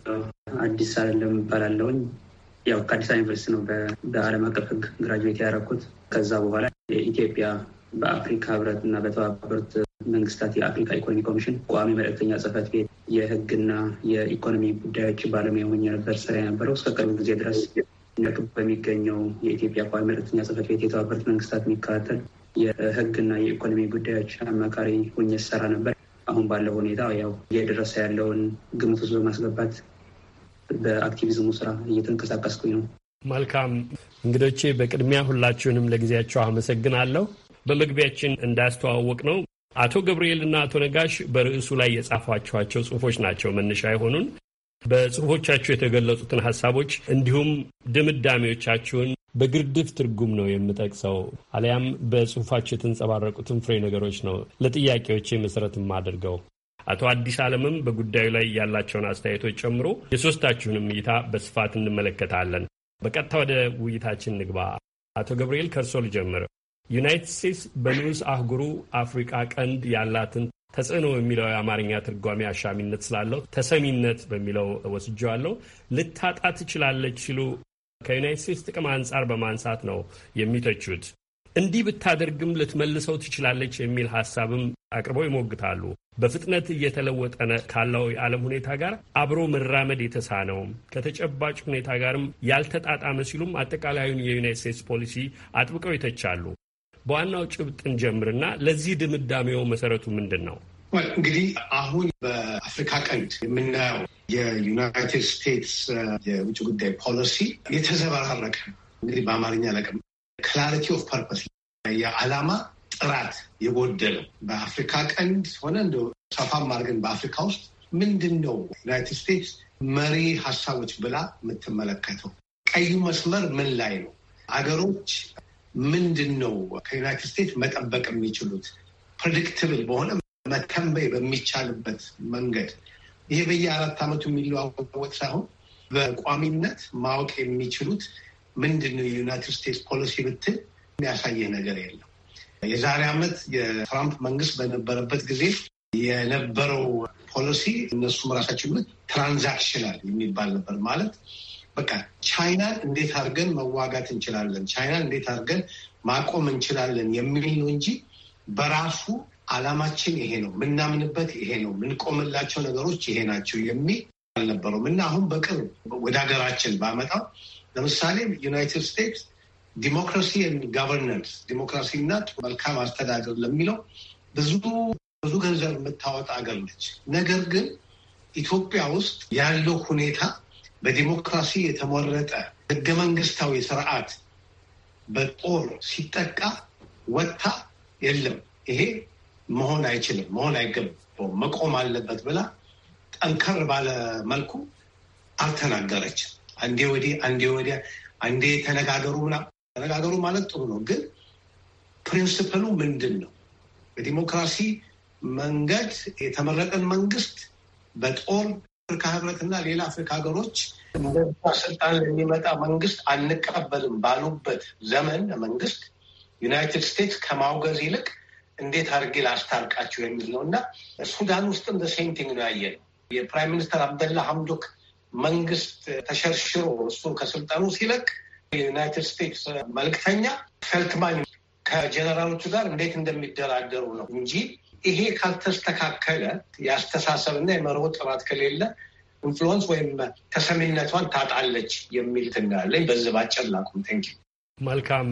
አዲስ አለም እባላለሁኝ። ያው ከአዲስ አበባ ዩኒቨርሲቲ ነው በዓለም አቀፍ ሕግ ግራጁዌት ያደረኩት። ከዛ በኋላ የኢትዮጵያ በአፍሪካ ህብረት እና በተባበሩት መንግስታት የአፍሪካ ኢኮኖሚ ኮሚሽን ቋሚ መልእክተኛ ጽህፈት ቤት የህግና የኢኮኖሚ ጉዳዮች ባለሙያ ሆኜ ነበር ስራ የነበረው እስከ ቅርብ ጊዜ ድረስ በሚገኘው የኢትዮጵያ ቋሚ መልእክተኛ ጽህፈት ቤት የተባበሩት መንግስታት የሚከታተል የህግና የኢኮኖሚ ጉዳዮች አማካሪ ሆኜ ሰራ ነበር። አሁን ባለው ሁኔታ ያው እየደረሰ ያለውን ግምት ውስጥ በማስገባት በአክቲቪዝሙ ስራ እየተንቀሳቀስኩኝ ነው። መልካም እንግዶቼ፣ በቅድሚያ ሁላችሁንም ለጊዜያቸው አመሰግናለሁ። በመግቢያችን እንዳስተዋወቅ ነው አቶ ገብርኤልና አቶ ነጋሽ በርዕሱ ላይ የጻፏቸኋቸው ጽሁፎች ናቸው መነሻ የሆኑን። በጽሁፎቻችሁ የተገለጹትን ሀሳቦች እንዲሁም ድምዳሜዎቻችሁን በግርድፍ ትርጉም ነው የምጠቅሰው፣ አሊያም በጽሁፋችሁ የተንጸባረቁትን ፍሬ ነገሮች ነው ለጥያቄዎቼ መሰረት አድርገው። አቶ አዲስ ዓለምም በጉዳዩ ላይ ያላቸውን አስተያየቶች ጨምሮ የሶስታችሁንም እይታ በስፋት እንመለከታለን። በቀጥታ ወደ ውይይታችን ንግባ። አቶ ገብርኤል ከእርሶ ልጀምር። ዩናይትድ ስቴትስ በንዑስ አህጉሩ አፍሪቃ ቀንድ ያላትን ተጽዕኖ የሚለው የአማርኛ ትርጓሜ አሻሚነት ስላለው ተሰሚነት በሚለው ወስጀዋለሁ ልታጣ ትችላለች ሲሉ ከዩናይት ስቴትስ ጥቅም አንጻር በማንሳት ነው የሚተቹት። እንዲህ ብታደርግም ልትመልሰው ትችላለች የሚል ሀሳብም አቅርበው ይሞግታሉ። በፍጥነት እየተለወጠ ካለው የዓለም ሁኔታ ጋር አብሮ መራመድ የተሳነው ከተጨባጭ ሁኔታ ጋርም ያልተጣጣመ ሲሉም አጠቃላዩን የዩናይት ስቴትስ ፖሊሲ አጥብቀው ይተቻሉ። በዋናው ጭብጥን ጀምርና ለዚህ ድምዳሜው መሰረቱ ምንድን ነው? እንግዲህ አሁን በአፍሪካ ቀንድ የምናየው የዩናይትድ ስቴትስ uh, የውጭ ጉዳይ ፖሊሲ የተዘበራረቀ እንግዲህ በአማርኛ ለቅም ክላሪቲ ኦፍ ፐርፐስ የዓላማ ጥራት የጎደለው በአፍሪካ ቀንድ ሆነ እንደ ሰፋ አድርገን በአፍሪካ ውስጥ ምንድን ነው ዩናይትድ ስቴትስ መሪ ሀሳቦች ብላ የምትመለከተው ቀዩ መስመር ምን ላይ ነው? አገሮች ምንድን ነው ከዩናይትድ ስቴትስ መጠበቅ የሚችሉት ፕሬዲክትብል በሆነ መተንበይ በሚቻልበት መንገድ ይሄ በየአራት ዓመቱ የሚለዋወጥ ሳይሆን በቋሚነት ማወቅ የሚችሉት ምንድን ነው የዩናይትድ ስቴትስ ፖሊሲ ብትል የሚያሳየ ነገር የለም። የዛሬ ዓመት የትራምፕ መንግስት በነበረበት ጊዜ የነበረው ፖሊሲ እነሱም ራሳቸው ትራንዛክሽናል የሚባል ነበር ማለት በቃ ቻይናን እንዴት አድርገን መዋጋት እንችላለን፣ ቻይናን እንዴት አድርገን ማቆም እንችላለን የሚል ነው እንጂ በራሱ አላማችን ይሄ ነው፣ የምናምንበት ይሄ ነው፣ የምንቆምላቸው ነገሮች ይሄ ናቸው የሚል አልነበረውም እና አሁን በቅርብ ወደ ሀገራችን ባመጣው ለምሳሌ ዩናይትድ ስቴትስ ዲሞክራሲ ጋቨርነንስ ዲሞክራሲ እና መልካም አስተዳደር ለሚለው ብዙ ብዙ ገንዘብ የምታወጣ ሀገር ነች። ነገር ግን ኢትዮጵያ ውስጥ ያለው ሁኔታ በዲሞክራሲ የተመረጠ ህገ መንግስታዊ ስርዓት በጦር ሲጠቃ ወጥታ የለም ይሄ መሆን አይችልም፣ መሆን አይገባውም፣ መቆም አለበት ብላ ጠንከር ባለ መልኩ አልተናገረች። አንዴ ወዲህ አንዴ ወዲያ አንዴ ተነጋገሩ ምናምን ተነጋገሩ ማለት ጥሩ ነው፣ ግን ፕሪንስፕሉ ምንድን ነው? በዲሞክራሲ መንገድ የተመረጠን መንግስት በጦር አፍሪካ ህብረትና ሌላ አፍሪካ ሀገሮች እንደዛ ስልጣን የሚመጣ መንግስት አንቀበልም ባሉበት ዘመን መንግስት ዩናይትድ ስቴትስ ከማውገዝ ይልቅ እንዴት አድርጌ ላስታርቃቸው የሚል ነው እና ሱዳን ውስጥም በሴንቲንግ ነው ያየ የፕራይም ሚኒስተር አብደላ ሀምዶክ መንግስት ተሸርሽሮ እሱ ከስልጣኑ ሲለቅ የዩናይትድ ስቴትስ መልክተኛ ፌልትማን ከጀነራሎቹ ጋር እንዴት እንደሚደራደሩ ነው እንጂ ይሄ ካልተስተካከለ የአስተሳሰብና የመርሆ ጥራት ከሌለ ኢንፍሉወንስ ወይም ተሰሚነቷን ታጣለች የሚል ትናለኝ። በዚህ ባጭር ላቁም። ተንኪ መልካም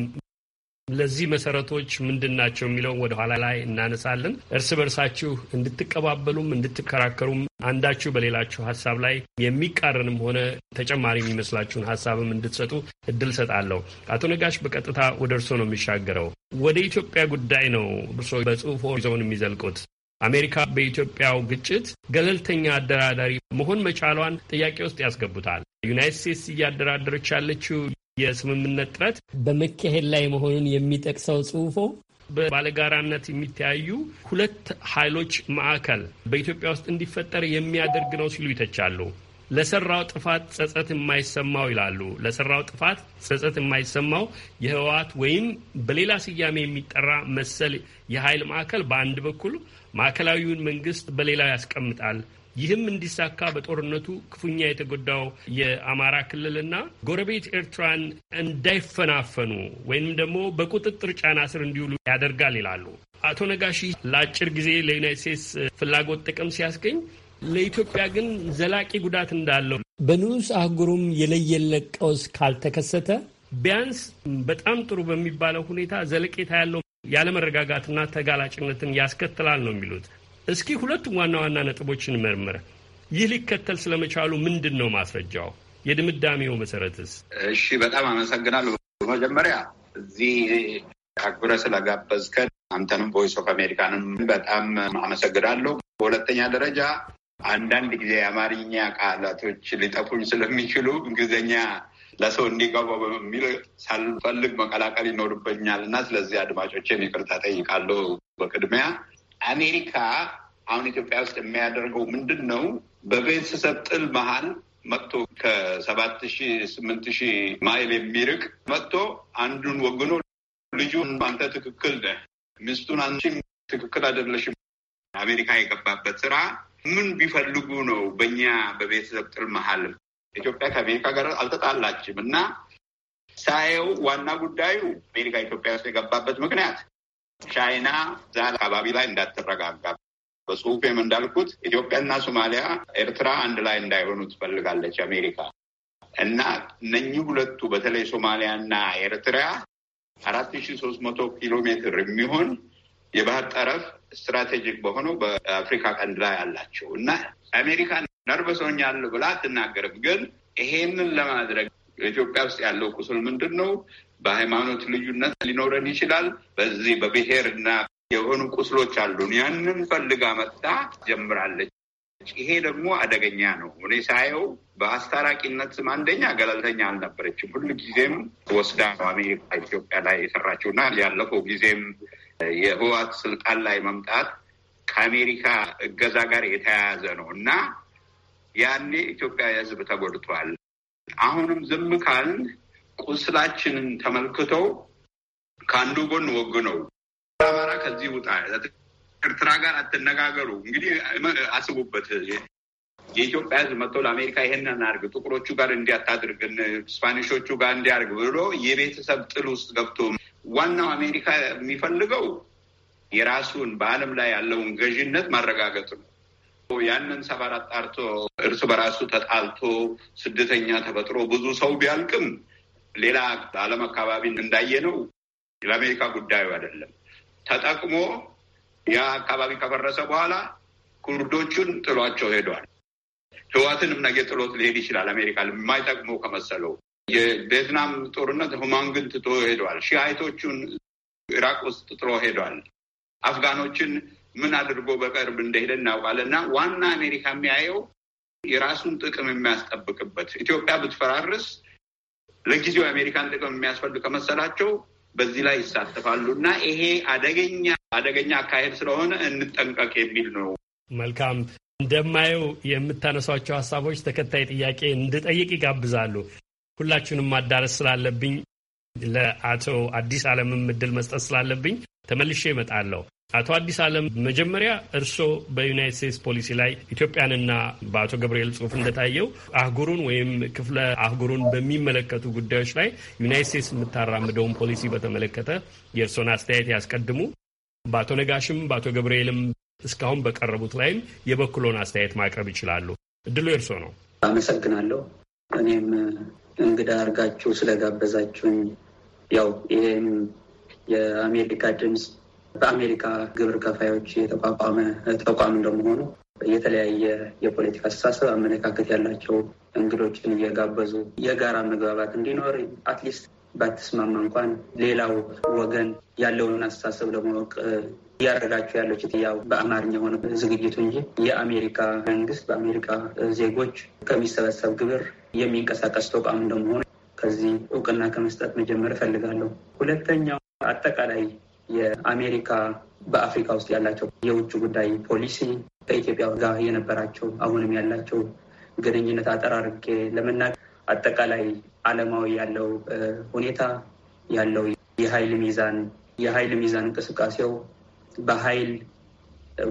ለዚህ መሰረቶች ምንድን ናቸው የሚለውን ወደ ኋላ ላይ እናነሳለን። እርስ በርሳችሁ እንድትቀባበሉም እንድትከራከሩም አንዳችሁ በሌላችሁ ሀሳብ ላይ የሚቃረንም ሆነ ተጨማሪ የሚመስላችሁን ሀሳብም እንድትሰጡ እድል ሰጣለሁ። አቶ ነጋሽ በቀጥታ ወደ እርሶ ነው የሚሻገረው። ወደ ኢትዮጵያ ጉዳይ ነው እርሶ በጽሁፎ ይዘውን የሚዘልቁት። አሜሪካ በኢትዮጵያው ግጭት ገለልተኛ አደራዳሪ መሆን መቻሏን ጥያቄ ውስጥ ያስገቡታል። ዩናይት ስቴትስ እያደራደረች ያለችው የስምምነት ጥረት በመካሄድ ላይ መሆኑን የሚጠቅሰው ጽሁፎ በባለጋራነት የሚተያዩ ሁለት ኃይሎች ማዕከል በኢትዮጵያ ውስጥ እንዲፈጠር የሚያደርግ ነው ሲሉ ይተቻሉ። ለሰራው ጥፋት ጸጸት የማይሰማው ይላሉ። ለሰራው ጥፋት ጸጸት የማይሰማው የህወሓት ወይም በሌላ ስያሜ የሚጠራ መሰል የኃይል ማዕከል በአንድ በኩል ማዕከላዊውን መንግስት በሌላው ያስቀምጣል። ይህም እንዲሳካ በጦርነቱ ክፉኛ የተጎዳው የአማራ ክልልና ጎረቤት ኤርትራን እንዳይፈናፈኑ ወይም ደግሞ በቁጥጥር ጫና ስር እንዲውሉ ያደርጋል ይላሉ። አቶ ነጋሺ ለአጭር ጊዜ ለዩናይት ስቴትስ ፍላጎት ጥቅም ሲያስገኝ ለኢትዮጵያ ግን ዘላቂ ጉዳት እንዳለው በንዑስ አህጉሩም የለየለት ቀውስ ካልተከሰተ ቢያንስ በጣም ጥሩ በሚባለው ሁኔታ ዘለቄታ ያለው ያለመረጋጋትና ተጋላጭነትን ያስከትላል ነው የሚሉት። እስኪ ሁለቱም ዋና ዋና ነጥቦችን መርምር። ይህ ሊከተል ስለመቻሉ ምንድን ነው ማስረጃው? የድምዳሜው መሰረትስ? እሺ፣ በጣም አመሰግናለሁ። መጀመሪያ እዚህ አክብረ ስለጋበዝከን አንተንም ቮይስ ኦፍ አሜሪካንም በጣም አመሰግናለሁ። በሁለተኛ ደረጃ አንዳንድ ጊዜ የአማርኛ ቃላቶች ሊጠፉኝ ስለሚችሉ እንግሊዝኛ ለሰው እንዲገባው በሚል ሳልፈልግ መቀላቀል ይኖርበኛል እና ስለዚህ አድማጮቼን ይቅርታ ጠይቃለሁ በቅድሚያ አሜሪካ አሁን ኢትዮጵያ ውስጥ የሚያደርገው ምንድን ነው? በቤተሰብ ጥል መሀል መጥቶ ከሰባት ሺ ስምንት ሺ ማይል የሚርቅ መጥቶ አንዱን ወግኖ ልጁን አንተ ትክክል ነህ፣ ሚስቱን አንቺ ትክክል አይደለሽም። አሜሪካ የገባበት ስራ ምን ቢፈልጉ ነው? በእኛ በቤተሰብ ጥል መሀል ኢትዮጵያ ከአሜሪካ ጋር አልተጣላችም እና ሳየው ዋና ጉዳዩ አሜሪካ ኢትዮጵያ ውስጥ የገባበት ምክንያት ቻይና እዛ አካባቢ ላይ እንዳትረጋጋ በጽሁፌም እንዳልኩት ኢትዮጵያና ሶማሊያ፣ ኤርትራ አንድ ላይ እንዳይሆኑ ትፈልጋለች አሜሪካ እና እነኚህ ሁለቱ በተለይ ሶማሊያና ኤርትራ አራት ሺ ሶስት መቶ ኪሎ ሜትር የሚሆን የባህር ጠረፍ ስትራቴጂክ በሆነው በአፍሪካ ቀንድ ላይ አላቸው እና አሜሪካ ነርበሰውኛል ብላ አትናገርም። ግን ይሄንን ለማድረግ ኢትዮጵያ ውስጥ ያለው ቁስል ምንድን ነው? በሃይማኖት ልዩነት ሊኖረን ይችላል። በዚህ በብሔርና የሆኑ ቁስሎች አሉን። ያንን ፈልጋ መጥታ ጀምራለች። ይሄ ደግሞ አደገኛ ነው። እኔ ሳየው በአስታራቂነት አንደኛ ገለልተኛ አልነበረችም። ሁሉ ጊዜም ወስዳ አሜሪካ፣ ኢትዮጵያ ላይ የሰራችው ያለፈው ጊዜም የህዋት ስልጣን ላይ መምጣት ከአሜሪካ እገዛ ጋር የተያያዘ ነው እና ያኔ ኢትዮጵያ ህዝብ ተጎድቷል። አሁንም ዝም ካልን ቁስላችንን ተመልክተው ከአንዱ ጎን ነው አማራ ከዚህ ውጣ፣ ኤርትራ ጋር አትነጋገሩ። እንግዲህ አስቡበት። የኢትዮጵያ ሕዝብ መጥቶ ለአሜሪካ ይሄንን እናድርግ፣ ጥቁሮቹ ጋር እንዲያታድርግ፣ ስፓኒሾቹ ጋር እንዲያርግ ብሎ የቤተሰብ ጥል ውስጥ ገብቶ ዋናው አሜሪካ የሚፈልገው የራሱን በዓለም ላይ ያለውን ገዥነት ማረጋገጥ ነው። ያንን ሰፈር አጣርቶ እርስ በራሱ ተጣልቶ ስደተኛ ተፈጥሮ ብዙ ሰው ቢያልቅም ሌላ አለም አካባቢ እንዳየ ነው። ለአሜሪካ ጉዳዩ አይደለም። ተጠቅሞ ያ አካባቢ ከፈረሰ በኋላ ኩርዶቹን ጥሏቸው ሄዷል። ህዋትንም ነገ ጥሎት ሊሄድ ይችላል። አሜሪካ የማይጠቅመው ከመሰለው የቪየትናም ጦርነት ሁማንግን ትቶ ሄዷል። ሺአይቶቹን ኢራቅ ውስጥ ጥሎ ሄዷል። አፍጋኖችን ምን አድርጎ በቅርብ እንደሄደ እና ዋና አሜሪካ የሚያየው የራሱን ጥቅም የሚያስጠብቅበት ኢትዮጵያ ብትፈራርስ ለጊዜው የአሜሪካን ጥቅም የሚያስፈልግ ከመሰላቸው በዚህ ላይ ይሳተፋሉ እና ይሄ አደገኛ አደገኛ አካሄድ ስለሆነ እንጠንቀቅ የሚል ነው። መልካም እንደማየው የምታነሷቸው ሀሳቦች ተከታይ ጥያቄ እንድጠይቅ ይጋብዛሉ። ሁላችሁንም ማዳረስ ስላለብኝ ለአቶ አዲስ አለምም እድል መስጠት ስላለብኝ ተመልሼ እመጣለሁ። አቶ አዲስ አለም መጀመሪያ እርስዎ በዩናይት ስቴትስ ፖሊሲ ላይ ኢትዮጵያንና በአቶ ገብርኤል ጽሁፍ እንደታየው አህጉሩን ወይም ክፍለ አህጉሩን በሚመለከቱ ጉዳዮች ላይ ዩናይት ስቴትስ የምታራምደውን ፖሊሲ በተመለከተ የእርስዎን አስተያየት ያስቀድሙ። በአቶ ነጋሽም በአቶ ገብርኤልም እስካሁን በቀረቡት ላይም የበኩሎን አስተያየት ማቅረብ ይችላሉ። እድሉ የእርስዎ ነው። አመሰግናለሁ። እኔም እንግዳ አድርጋችሁ ስለጋበዛችሁኝ ያው ይህም የአሜሪካ ድምፅ በአሜሪካ ግብር ከፋዮች የተቋቋመ ተቋም እንደመሆኑ የተለያየ የፖለቲካ አስተሳሰብ፣ አመለካከት ያላቸው እንግዶችን እየጋበዙ የጋራ መግባባት እንዲኖር አትሊስት ባትስማማ እንኳን ሌላው ወገን ያለውን አስተሳሰብ ለማወቅ እያደረጋቸው ያለው ችትያው በአማርኛ የሆነ ዝግጅቱ እንጂ የአሜሪካ መንግስት በአሜሪካ ዜጎች ከሚሰበሰብ ግብር የሚንቀሳቀስ ተቋም እንደመሆኑ ከዚህ እውቅና ከመስጠት መጀመር እፈልጋለሁ። ሁለተኛው አጠቃላይ የአሜሪካ በአፍሪካ ውስጥ ያላቸው የውጭ ጉዳይ ፖሊሲ ከኢትዮጵያ ጋር የነበራቸው አሁንም ያላቸው ግንኙነት አጠራርጌ ለመናገር አጠቃላይ ዓለማዊ ያለው ሁኔታ ያለው የኃይል ሚዛን የኃይል ሚዛን እንቅስቃሴው በኃይል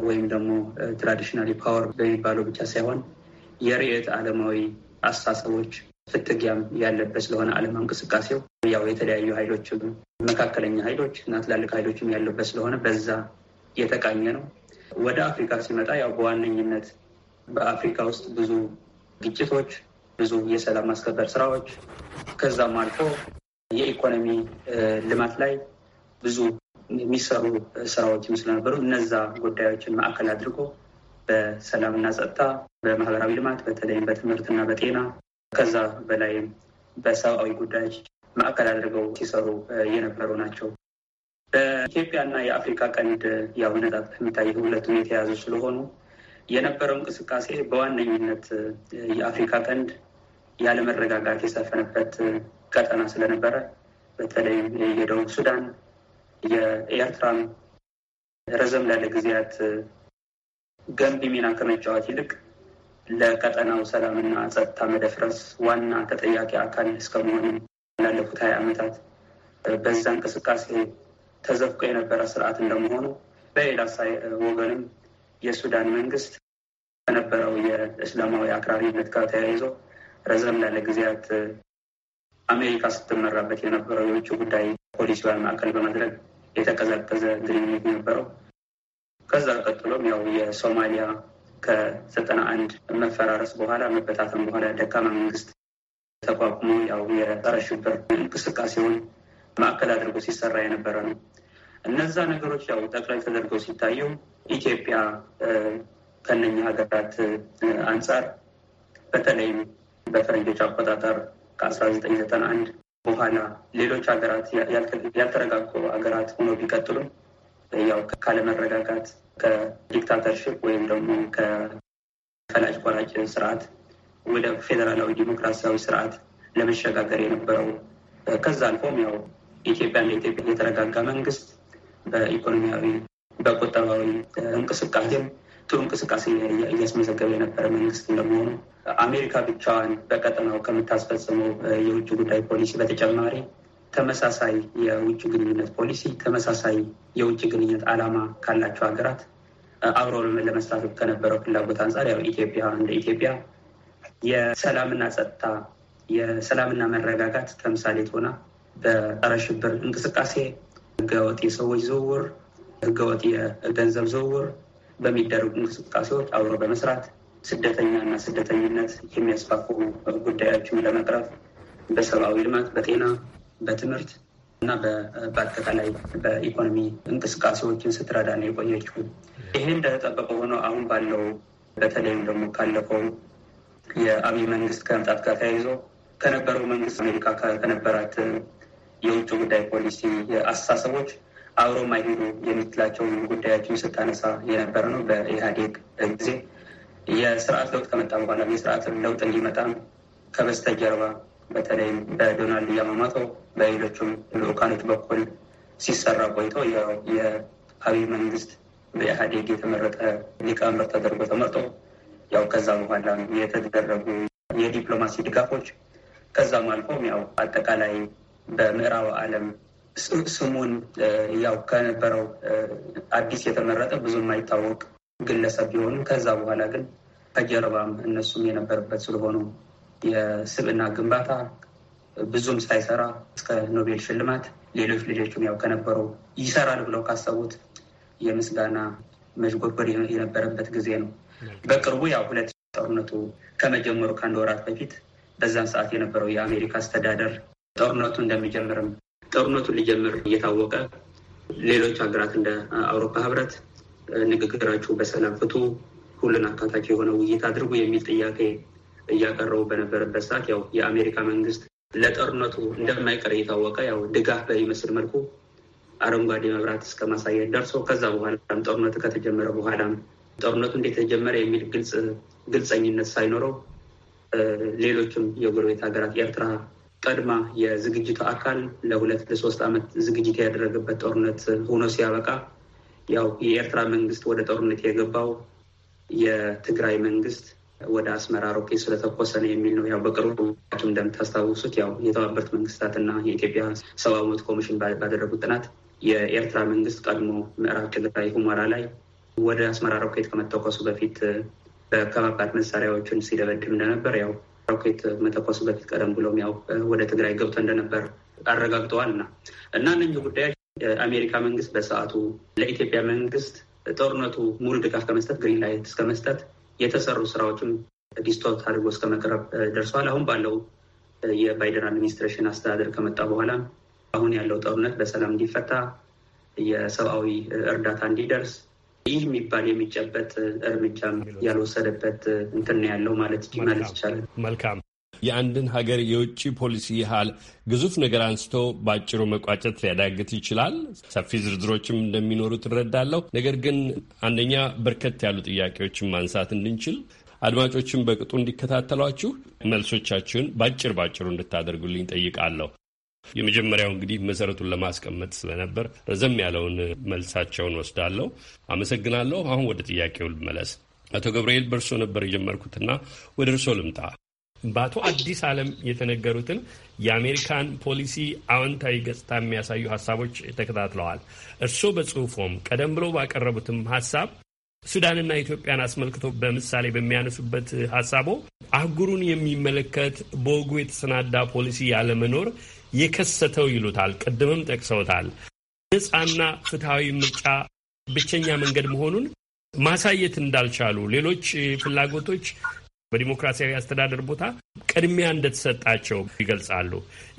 ወይም ደግሞ ትራዲሽናሊ ፓወር በሚባለው ብቻ ሳይሆን የርዕት ዓለማዊ አስተሳሰቦች ፍትጊያም ያለበት ስለሆነ ዓለም እንቅስቃሴው ያው የተለያዩ ኃይሎችም መካከለኛ ኃይሎች እና ትላልቅ ኃይሎችም ያለበት ስለሆነ በዛ የተቃኘ ነው። ወደ አፍሪካ ሲመጣ ያው በዋነኝነት በአፍሪካ ውስጥ ብዙ ግጭቶች፣ ብዙ የሰላም ማስከበር ስራዎች ከዛም አልፎ የኢኮኖሚ ልማት ላይ ብዙ የሚሰሩ ስራዎችም ስለነበሩ እነዛ ጉዳዮችን ማዕከል አድርጎ በሰላምና ጸጥታ፣ በማህበራዊ ልማት በተለይም በትምህርትና በጤና ከዛ በላይም በሰብአዊ ጉዳዮች ማዕከል አድርገው ሲሰሩ የነበሩ ናቸው። በኢትዮጵያና የአፍሪካ ቀንድ ያው የሚታይ የሚታየ ሁለቱም የተያዙ ስለሆኑ የነበረው እንቅስቃሴ በዋነኝነት የአፍሪካ ቀንድ ያለመረጋጋት የሰፈነበት ቀጠና ስለነበረ በተለይም የደቡብ ሱዳን የኤርትራም ረዘም ላለ ጊዜያት ገንቢ ሚና ከመጫወት ይልቅ ለቀጠናው ሰላምና ጸጥታ መደፍረስ ዋና ተጠያቂ አካል እስከመሆንም ላለፉት ሀያ ዓመታት በዛ እንቅስቃሴ ተዘፍቆ የነበረ ስርዓት እንደመሆኑ በሌላ ወገንም የሱዳን መንግስት ከነበረው የእስላማዊ አክራሪነት ጋር ተያይዞ ረዘም ላለ ጊዜያት አሜሪካ ስትመራበት የነበረው የውጭ ጉዳይ ፖሊሲዋን ማዕከል በማድረግ የተቀዛቀዘ ግንኙነት ነበረው። ከዛ ቀጥሎም ያው የሶማሊያ ከዘጠና አንድ መፈራረስ በኋላ መበታተን በኋላ ደካማ መንግስት ተቋቁሞ ያው የጸረ ሽብር እንቅስቃሴውን ማዕከል አድርጎ ሲሰራ የነበረ ነው። እነዛ ነገሮች ያው ጠቅላይ ተደርገው ሲታዩ ኢትዮጵያ ከነኛ ሀገራት አንጻር በተለይም በፈረንጆች አቆጣጠር ከ1991 በኋላ ሌሎች ሀገራት ያልተረጋጉ ሀገራት ሆኖ ቢቀጥሉም ያው ካለመረጋጋት ከዲክታተርሽፕ ወይም ደግሞ ከፈላጭ ቆራጭን ስርዓት ወደ ፌዴራላዊ ዲሞክራሲያዊ ስርዓት ለመሸጋገር የነበረው ከዛ አልፎም ያው ኢትዮጵያ ለኢትዮጵያ የተረጋጋ መንግስት በኢኮኖሚያዊ በቁጠባዊ እንቅስቃሴም ጥሩ እንቅስቃሴ እያስመዘገበ የነበረ መንግስት እንደመሆኑ አሜሪካ ብቻዋን በቀጠናው ከምታስፈጽመው የውጭ ጉዳይ ፖሊሲ በተጨማሪ ተመሳሳይ የውጭ ግንኙነት ፖሊሲ፣ ተመሳሳይ የውጭ ግንኙነት ዓላማ ካላቸው ሀገራት አብሮ ለመስራት ከነበረው ፍላጎት አንጻር ያው ኢትዮጵያ እንደ ኢትዮጵያ የሰላምና ጸጥታ የሰላምና መረጋጋት ተምሳሌት ሆና በጸረ ሽብር እንቅስቃሴ፣ ህገወጥ የሰዎች ዝውውር፣ ህገወጥ የገንዘብ ዝውውር በሚደረጉ እንቅስቃሴዎች አብሮ በመስራት ስደተኛና ስደተኝነት የሚያስፋፉ ጉዳዮችን ለመቅረፍ በሰብአዊ ልማት፣ በጤና በትምህርት እና በአጠቃላይ በኢኮኖሚ እንቅስቃሴዎችን ስትረዳ ነው የቆየችው። ይሄ እንደተጠበቀ ሆኖ አሁን ባለው በተለይም ደግሞ ካለፈው የአብይ መንግስት ከመምጣት ጋር ተያይዞ ከነበረው መንግስት አሜሪካ ከነበራት የውጭ ጉዳይ ፖሊሲ አስተሳሰቦች አብሮ ማይሄዱ የምትላቸውን ጉዳያችን ስታነሳ የነበረ ነው። በኢህአዴግ ጊዜ የስርዓት ለውጥ ከመጣ በኋላ የስርዓት ለውጥ እንዲመጣ ከበስተጀርባ በተለይም በዶናልድ ያማማቶ በሌሎቹም ልዑካኖች በኩል ሲሰራ ቆይቶ የአብይ መንግስት በኢህአዴግ የተመረጠ ሊቀመንበር ተደርጎ ተመርጦ ያው ከዛ በኋላ የተደረጉ የዲፕሎማሲ ድጋፎች ከዛም አልፎም ያው አጠቃላይ በምዕራብ ዓለም ስሙን ያው ከነበረው አዲስ የተመረጠ ብዙ የማይታወቅ ግለሰብ ቢሆንም ከዛ በኋላ ግን ከጀርባም እነሱም የነበረበት ስለሆኑ የስብና ግንባታ ብዙም ሳይሰራ እስከ ኖቤል ሽልማት ሌሎች ልጆቹም ያው ከነበረው ይሰራል ብለው ካሰቡት የምስጋና መዥጎርጎር የነበረበት ጊዜ ነው። በቅርቡ ያው ሁለት ጦርነቱ ከመጀመሩ ከአንድ ወራት በፊት በዛን ሰዓት የነበረው የአሜሪካ አስተዳደር ጦርነቱ እንደሚጀምርም ጦርነቱን ሊጀምር እየታወቀ ሌሎች ሀገራት እንደ አውሮፓ ህብረት ንግግራችሁ በሰላም ፍቱ፣ ሁሉን አካታች የሆነ ውይይት አድርጉ የሚል ጥያቄ እያቀረቡ በነበረበት ሰዓት ያው የአሜሪካ መንግስት ለጦርነቱ እንደማይቀር እየታወቀ ያው ድጋፍ በሚመስል መልኩ አረንጓዴ መብራት እስከ ማሳየት ደርሶ ከዛ በኋላም ጦርነቱ ከተጀመረ በኋላም ጦርነቱ እንዴት ተጀመረ የሚል ግልጸኝነት ሳይኖረው ሌሎችም የጎረቤት ሀገራት ኤርትራ ቀድማ የዝግጅቱ አካል ለሁለት ለሶስት ዓመት ዝግጅት ያደረገበት ጦርነት ሆኖ ሲያበቃ ያው የኤርትራ መንግስት ወደ ጦርነት የገባው የትግራይ መንግስት ወደ አስመራ ሮኬት ስለተኮሰ ነው የሚል ነው። ያው በቅርቡ እንደምታስታውሱት ያው የተባበሩት መንግስታትና የኢትዮጵያ ሰብአዊ መብት ኮሚሽን ባደረጉት ጥናት የኤርትራ መንግስት ቀድሞ ምዕራብ ትግራይ ሁመራ ላይ ወደ አስመራ ሮኬት ከመተኮሱ በፊት በከባባድ መሳሪያዎችን ሲደበድብ እንደነበር ያው ሮኬት መተኮሱ በፊት ቀደም ብሎም ያው ወደ ትግራይ ገብቶ እንደነበር አረጋግጠዋል እና እና እነኚህ ጉዳዮች የአሜሪካ መንግስት በሰዓቱ ለኢትዮጵያ መንግስት ጦርነቱ ሙሉ ድጋፍ ከመስጠት ግሪን ላይት እስከ መስጠት የተሰሩ ስራዎችም ዲስቶርት አድርጎ እስከ መቅረብ ደርሷል። አሁን ባለው የባይደን አድሚኒስትሬሽን አስተዳደር ከመጣ በኋላ አሁን ያለው ጦርነት በሰላም እንዲፈታ የሰብአዊ እርዳታ እንዲደርስ ይህ የሚባል የሚጨበት እርምጃም ያልወሰደበት እንትን ያለው ማለት ማለት ይቻላል። መልካም የአንድን ሀገር የውጭ ፖሊሲ ያህል ግዙፍ ነገር አንስቶ በአጭሩ መቋጨት ሊያዳግት ይችላል። ሰፊ ዝርዝሮችም እንደሚኖሩ ትረዳለሁ። ነገር ግን አንደኛ በርከት ያሉ ጥያቄዎችን ማንሳት እንድንችል አድማጮችን በቅጡ እንዲከታተሏችሁ መልሶቻችሁን በአጭር ባጭሩ እንድታደርጉልኝ ጠይቃለሁ። የመጀመሪያው እንግዲህ መሰረቱን ለማስቀመጥ ስለነበር ረዘም ያለውን መልሳቸውን ወስዳለሁ። አመሰግናለሁ። አሁን ወደ ጥያቄው ልመለስ። አቶ ገብርኤል በእርሶ ነበር የጀመርኩትና ወደ እርሶ ልምጣ። በአቶ አዲስ አለም የተነገሩትን የአሜሪካን ፖሊሲ አዎንታዊ ገጽታ የሚያሳዩ ሀሳቦች ተከታትለዋል። እርስዎ በጽሁፎም ቀደም ብሎ ባቀረቡትም ሀሳብ ሱዳንና ኢትዮጵያን አስመልክቶ በምሳሌ በሚያነሱበት ሀሳቦ አህጉሩን የሚመለከት በወጉ የተሰናዳ ፖሊሲ ያለመኖር የከሰተው ይሉታል። ቅድምም ጠቅሰውታል። ነፃና ፍትሐዊ ምርጫ ብቸኛ መንገድ መሆኑን ማሳየት እንዳልቻሉ ሌሎች ፍላጎቶች በዲሞክራሲያዊ አስተዳደር ቦታ ቅድሚያ እንደተሰጣቸው ይገልጻሉ።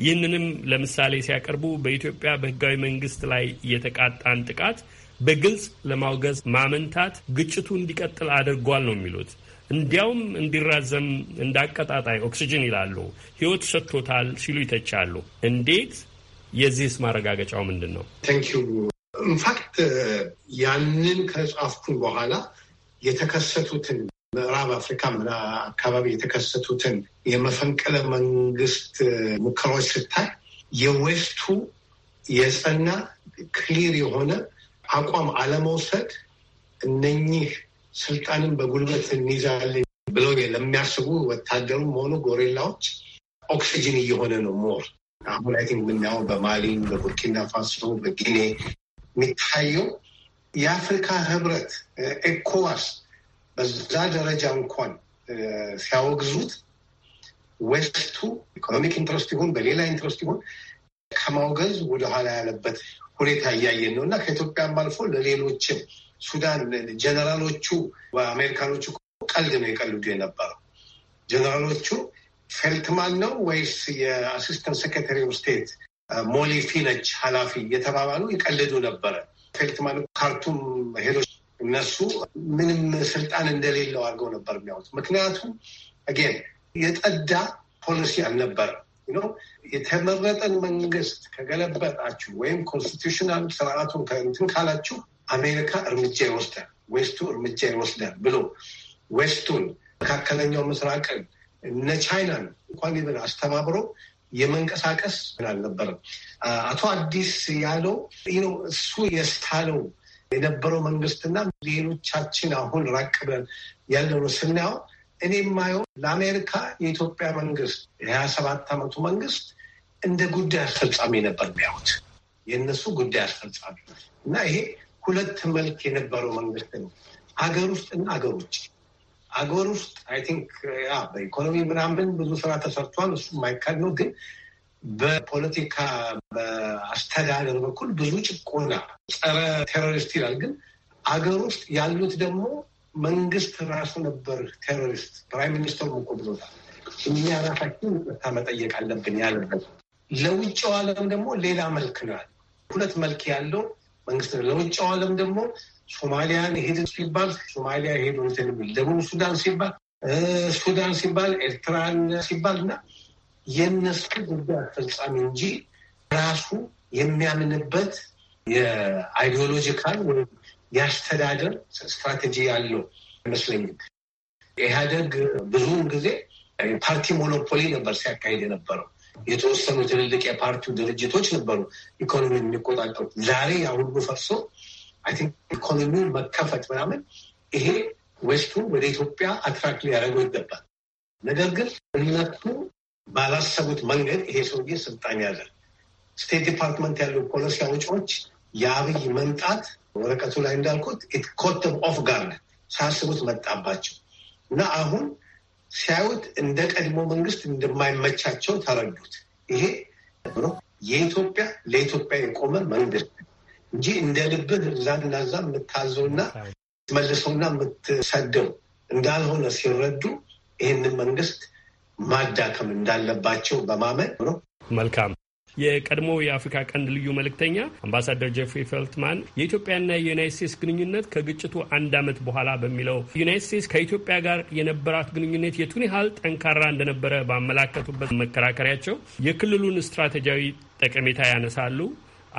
ይህንንም ለምሳሌ ሲያቀርቡ በኢትዮጵያ በህጋዊ መንግስት ላይ የተቃጣን ጥቃት በግልጽ ለማውገዝ ማመንታት ግጭቱ እንዲቀጥል አድርጓል ነው የሚሉት። እንዲያውም እንዲራዘም እንዳቀጣጣይ ኦክሲጅን ይላሉ ህይወት ሰጥቶታል ሲሉ ይተቻሉ። እንዴት? የዚህስ ማረጋገጫው ምንድን ነው? ተንኪዩ ኢንፋክት ያንን ከጻፍኩን በኋላ የተከሰቱትን ምዕራብ አፍሪካ አካባቢ የተከሰቱትን የመፈንቅለ መንግስት ሙከራዎች ስታይ የዌስቱ የጸና ክሊር የሆነ አቋም አለመውሰድ እነኚህ ስልጣንን በጉልበት እንይዛለን ብለው ለሚያስቡ ወታደሩም ሆኑ ጎሬላዎች ኦክሲጅን እየሆነ ነው። ሞር አሁን አይ ቲንክ የምናየው በማሊ፣ በቡርኪና ፋሶ፣ በጊኔ የሚታየው የአፍሪካ ህብረት ኤኮዋስ በዛ ደረጃ እንኳን ሲያወግዙት ዌስቱ ኢኮኖሚክ ኢንትረስት ይሁን በሌላ ኢንትረስት ይሁን ከማውገዝ ወደኋላ ያለበት ሁኔታ እያየን ነው እና ከኢትዮጵያም አልፎ ለሌሎችም ሱዳን ጀነራሎቹ በአሜሪካኖቹ ቀልድ ነው የቀልዱ የነበረው። ጀነራሎቹ ፌልትማን ነው ወይስ የአሲስታንት ሴክሬታሪ ኦፍ ስቴት ሞሊፊ ነች ኃላፊ የተባባሉ ይቀልዱ ነበረ። ፌልትማን ካርቱም ሄዶች እነሱ ምንም ስልጣን እንደሌለው አድርገው ነበር የሚያዩት። ምክንያቱም አጌን የጠዳ ፖሊሲ አልነበረም። የተመረጠን መንግስት ከገለበጣችሁ ወይም ኮንስቲቱሽናል ስርዓቱን ከእንትን ካላችሁ አሜሪካ እርምጃ ይወስዳል፣ ዌስቱ እርምጃ ይወስዳል ብሎ ዌስቱን መካከለኛው ምስራቅን እነ ቻይናን እንኳን ይበል አስተባብሮ የመንቀሳቀስ ምን አልነበረም። አቶ አዲስ ያለው እሱ የስታለው የነበረው መንግስትና ሌሎቻችን አሁን ራቅ ብለን ያለነው ስናየው እኔ የማየው ለአሜሪካ የኢትዮጵያ መንግስት የሀያ ሰባት ዓመቱ መንግስት እንደ ጉዳይ አስፈጻሚ ነበር የሚያዩት የእነሱ ጉዳይ አስፈጻሚ እና ይሄ ሁለት መልክ የነበረው መንግስት ነው። አገር ውስጥ እና አገር ውጭ። አገር ውስጥ አይ ቲንክ በኢኮኖሚ ምናምን ብዙ ስራ ተሰርቷል። እሱ የማይካድ ነው ግን በፖለቲካ በአስተዳደር በኩል ብዙ ጭቆና፣ ጸረ ቴሮሪስት ይላል። ግን አገር ውስጥ ያሉት ደግሞ መንግስት ራሱ ነበር ቴሮሪስት። ፕራይም ሚኒስተሩ እኮ ብሎታል፣ እኛ ራሳችን ይቅርታ መጠየቅ አለብን ያለበት። ለውጭው ዓለም ደግሞ ሌላ መልክ ነው ያለ ሁለት መልክ ያለው መንግስት ነው። ለውጭው ዓለም ደግሞ ሶማሊያን ሄድ ሲባል ሶማሊያ ሄዱ፣ ደቡብ ሱዳን ሲባል ሱዳን ሲባል ኤርትራን ሲባል እና የእነሱ ጉዳይ አስፈጻሚ እንጂ ራሱ የሚያምንበት የአይዲዮሎጂካል ወይም የአስተዳደር ስትራቴጂ ያለው አይመስለኝም። ኢህአደግ ብዙውን ጊዜ ፓርቲ ሞኖፖሊ ነበር ሲያካሄድ የነበረው። የተወሰኑ ትልልቅ የፓርቲው ድርጅቶች ነበሩ ኢኮኖሚ የሚቆጣጠሩት። ዛሬ ያ ፈርሶ አይ ቲንክ መከፈት ምናምን ይሄ ዌስቱ ወደ ኢትዮጵያ አትራክት ሊያደርገው ይገባል። ነገር ግን እነሱ ባላሰቡት መንገድ ይሄ ሰውዬ ስልጣን ያዘ። ስቴት ዲፓርትመንት ያሉ ፖሊሲ አውጪዎች የአብይ መምጣት ወረቀቱ ላይ እንዳልኩት ኢት ኦፍ ጋርድ ሳያስቡት መጣባቸው እና አሁን ሲያዩት እንደ ቀድሞ መንግስት እንደማይመቻቸው ተረዱት። ይሄ ብሎ የኢትዮጵያ ለኢትዮጵያ የቆመ መንግስት እንጂ እንደ ልብህ እዛና እዛ የምታዘውና የምትመልሰውና የምትሰደው እንዳልሆነ ሲረዱ ይህንን መንግስት ማዳከም እንዳለባቸው በማመን ነው። መልካም። የቀድሞ የአፍሪካ ቀንድ ልዩ መልእክተኛ አምባሳደር ጀፍሪ ፌልትማን የኢትዮጵያና የዩናይት ስቴትስ ግንኙነት ከግጭቱ አንድ ዓመት በኋላ በሚለው ዩናይት ስቴትስ ከኢትዮጵያ ጋር የነበራት ግንኙነት የቱን ያህል ጠንካራ እንደነበረ ባመላከቱበት መከራከሪያቸው የክልሉን ስትራቴጂያዊ ጠቀሜታ ያነሳሉ።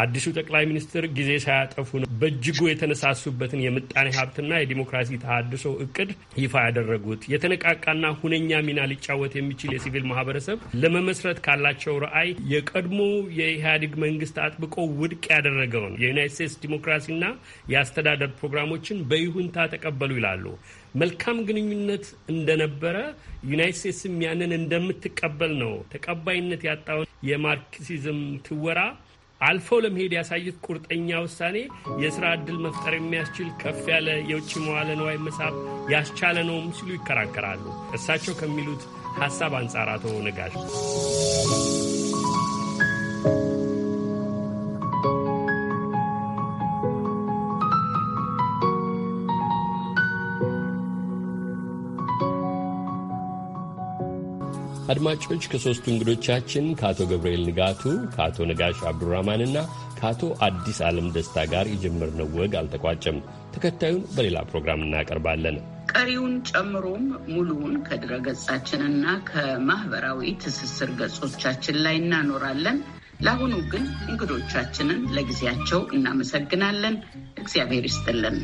አዲሱ ጠቅላይ ሚኒስትር ጊዜ ሳያጠፉ ነው በእጅጉ የተነሳሱበትን የምጣኔ ሀብትና የዲሞክራሲ ተሃድሶ እቅድ ይፋ ያደረጉት። የተነቃቃና ሁነኛ ሚና ሊጫወት የሚችል የሲቪል ማህበረሰብ ለመመስረት ካላቸው ረአይ የቀድሞ የኢህአዴግ መንግስት አጥብቆ ውድቅ ያደረገውን የዩናይት ስቴትስ ዲሞክራሲና የአስተዳደር ፕሮግራሞችን በይሁንታ ተቀበሉ ይላሉ። መልካም ግንኙነት እንደነበረ ዩናይት ስቴትስም ያንን እንደምትቀበል ነው ተቀባይነት ያጣውን የማርክሲዝም ትወራ አልፈው ለመሄድ ያሳዩት ቁርጠኛ ውሳኔ የሥራ ዕድል መፍጠር የሚያስችል ከፍ ያለ የውጭ መዋለ ንዋይ መሳብ ያስቻለ ነውም ሲሉ ይከራከራሉ። እሳቸው ከሚሉት ሐሳብ አንጻር አቶ ነጋሽ አድማጮች ከሦስቱ እንግዶቻችን ከአቶ ገብርኤል ንጋቱ፣ ከአቶ ነጋሽ አብዱራማንና ከአቶ አዲስ ዓለም ደስታ ጋር የጀመርነው ወግ አልተቋጨም። ተከታዩን በሌላ ፕሮግራም እናቀርባለን። ቀሪውን ጨምሮም ሙሉውን ከድረገጻችንና ከማኅበራዊ ትስስር ገጾቻችን ላይ እናኖራለን። ለአሁኑ ግን እንግዶቻችንን ለጊዜያቸው እናመሰግናለን። እግዚአብሔር ይስጥልን።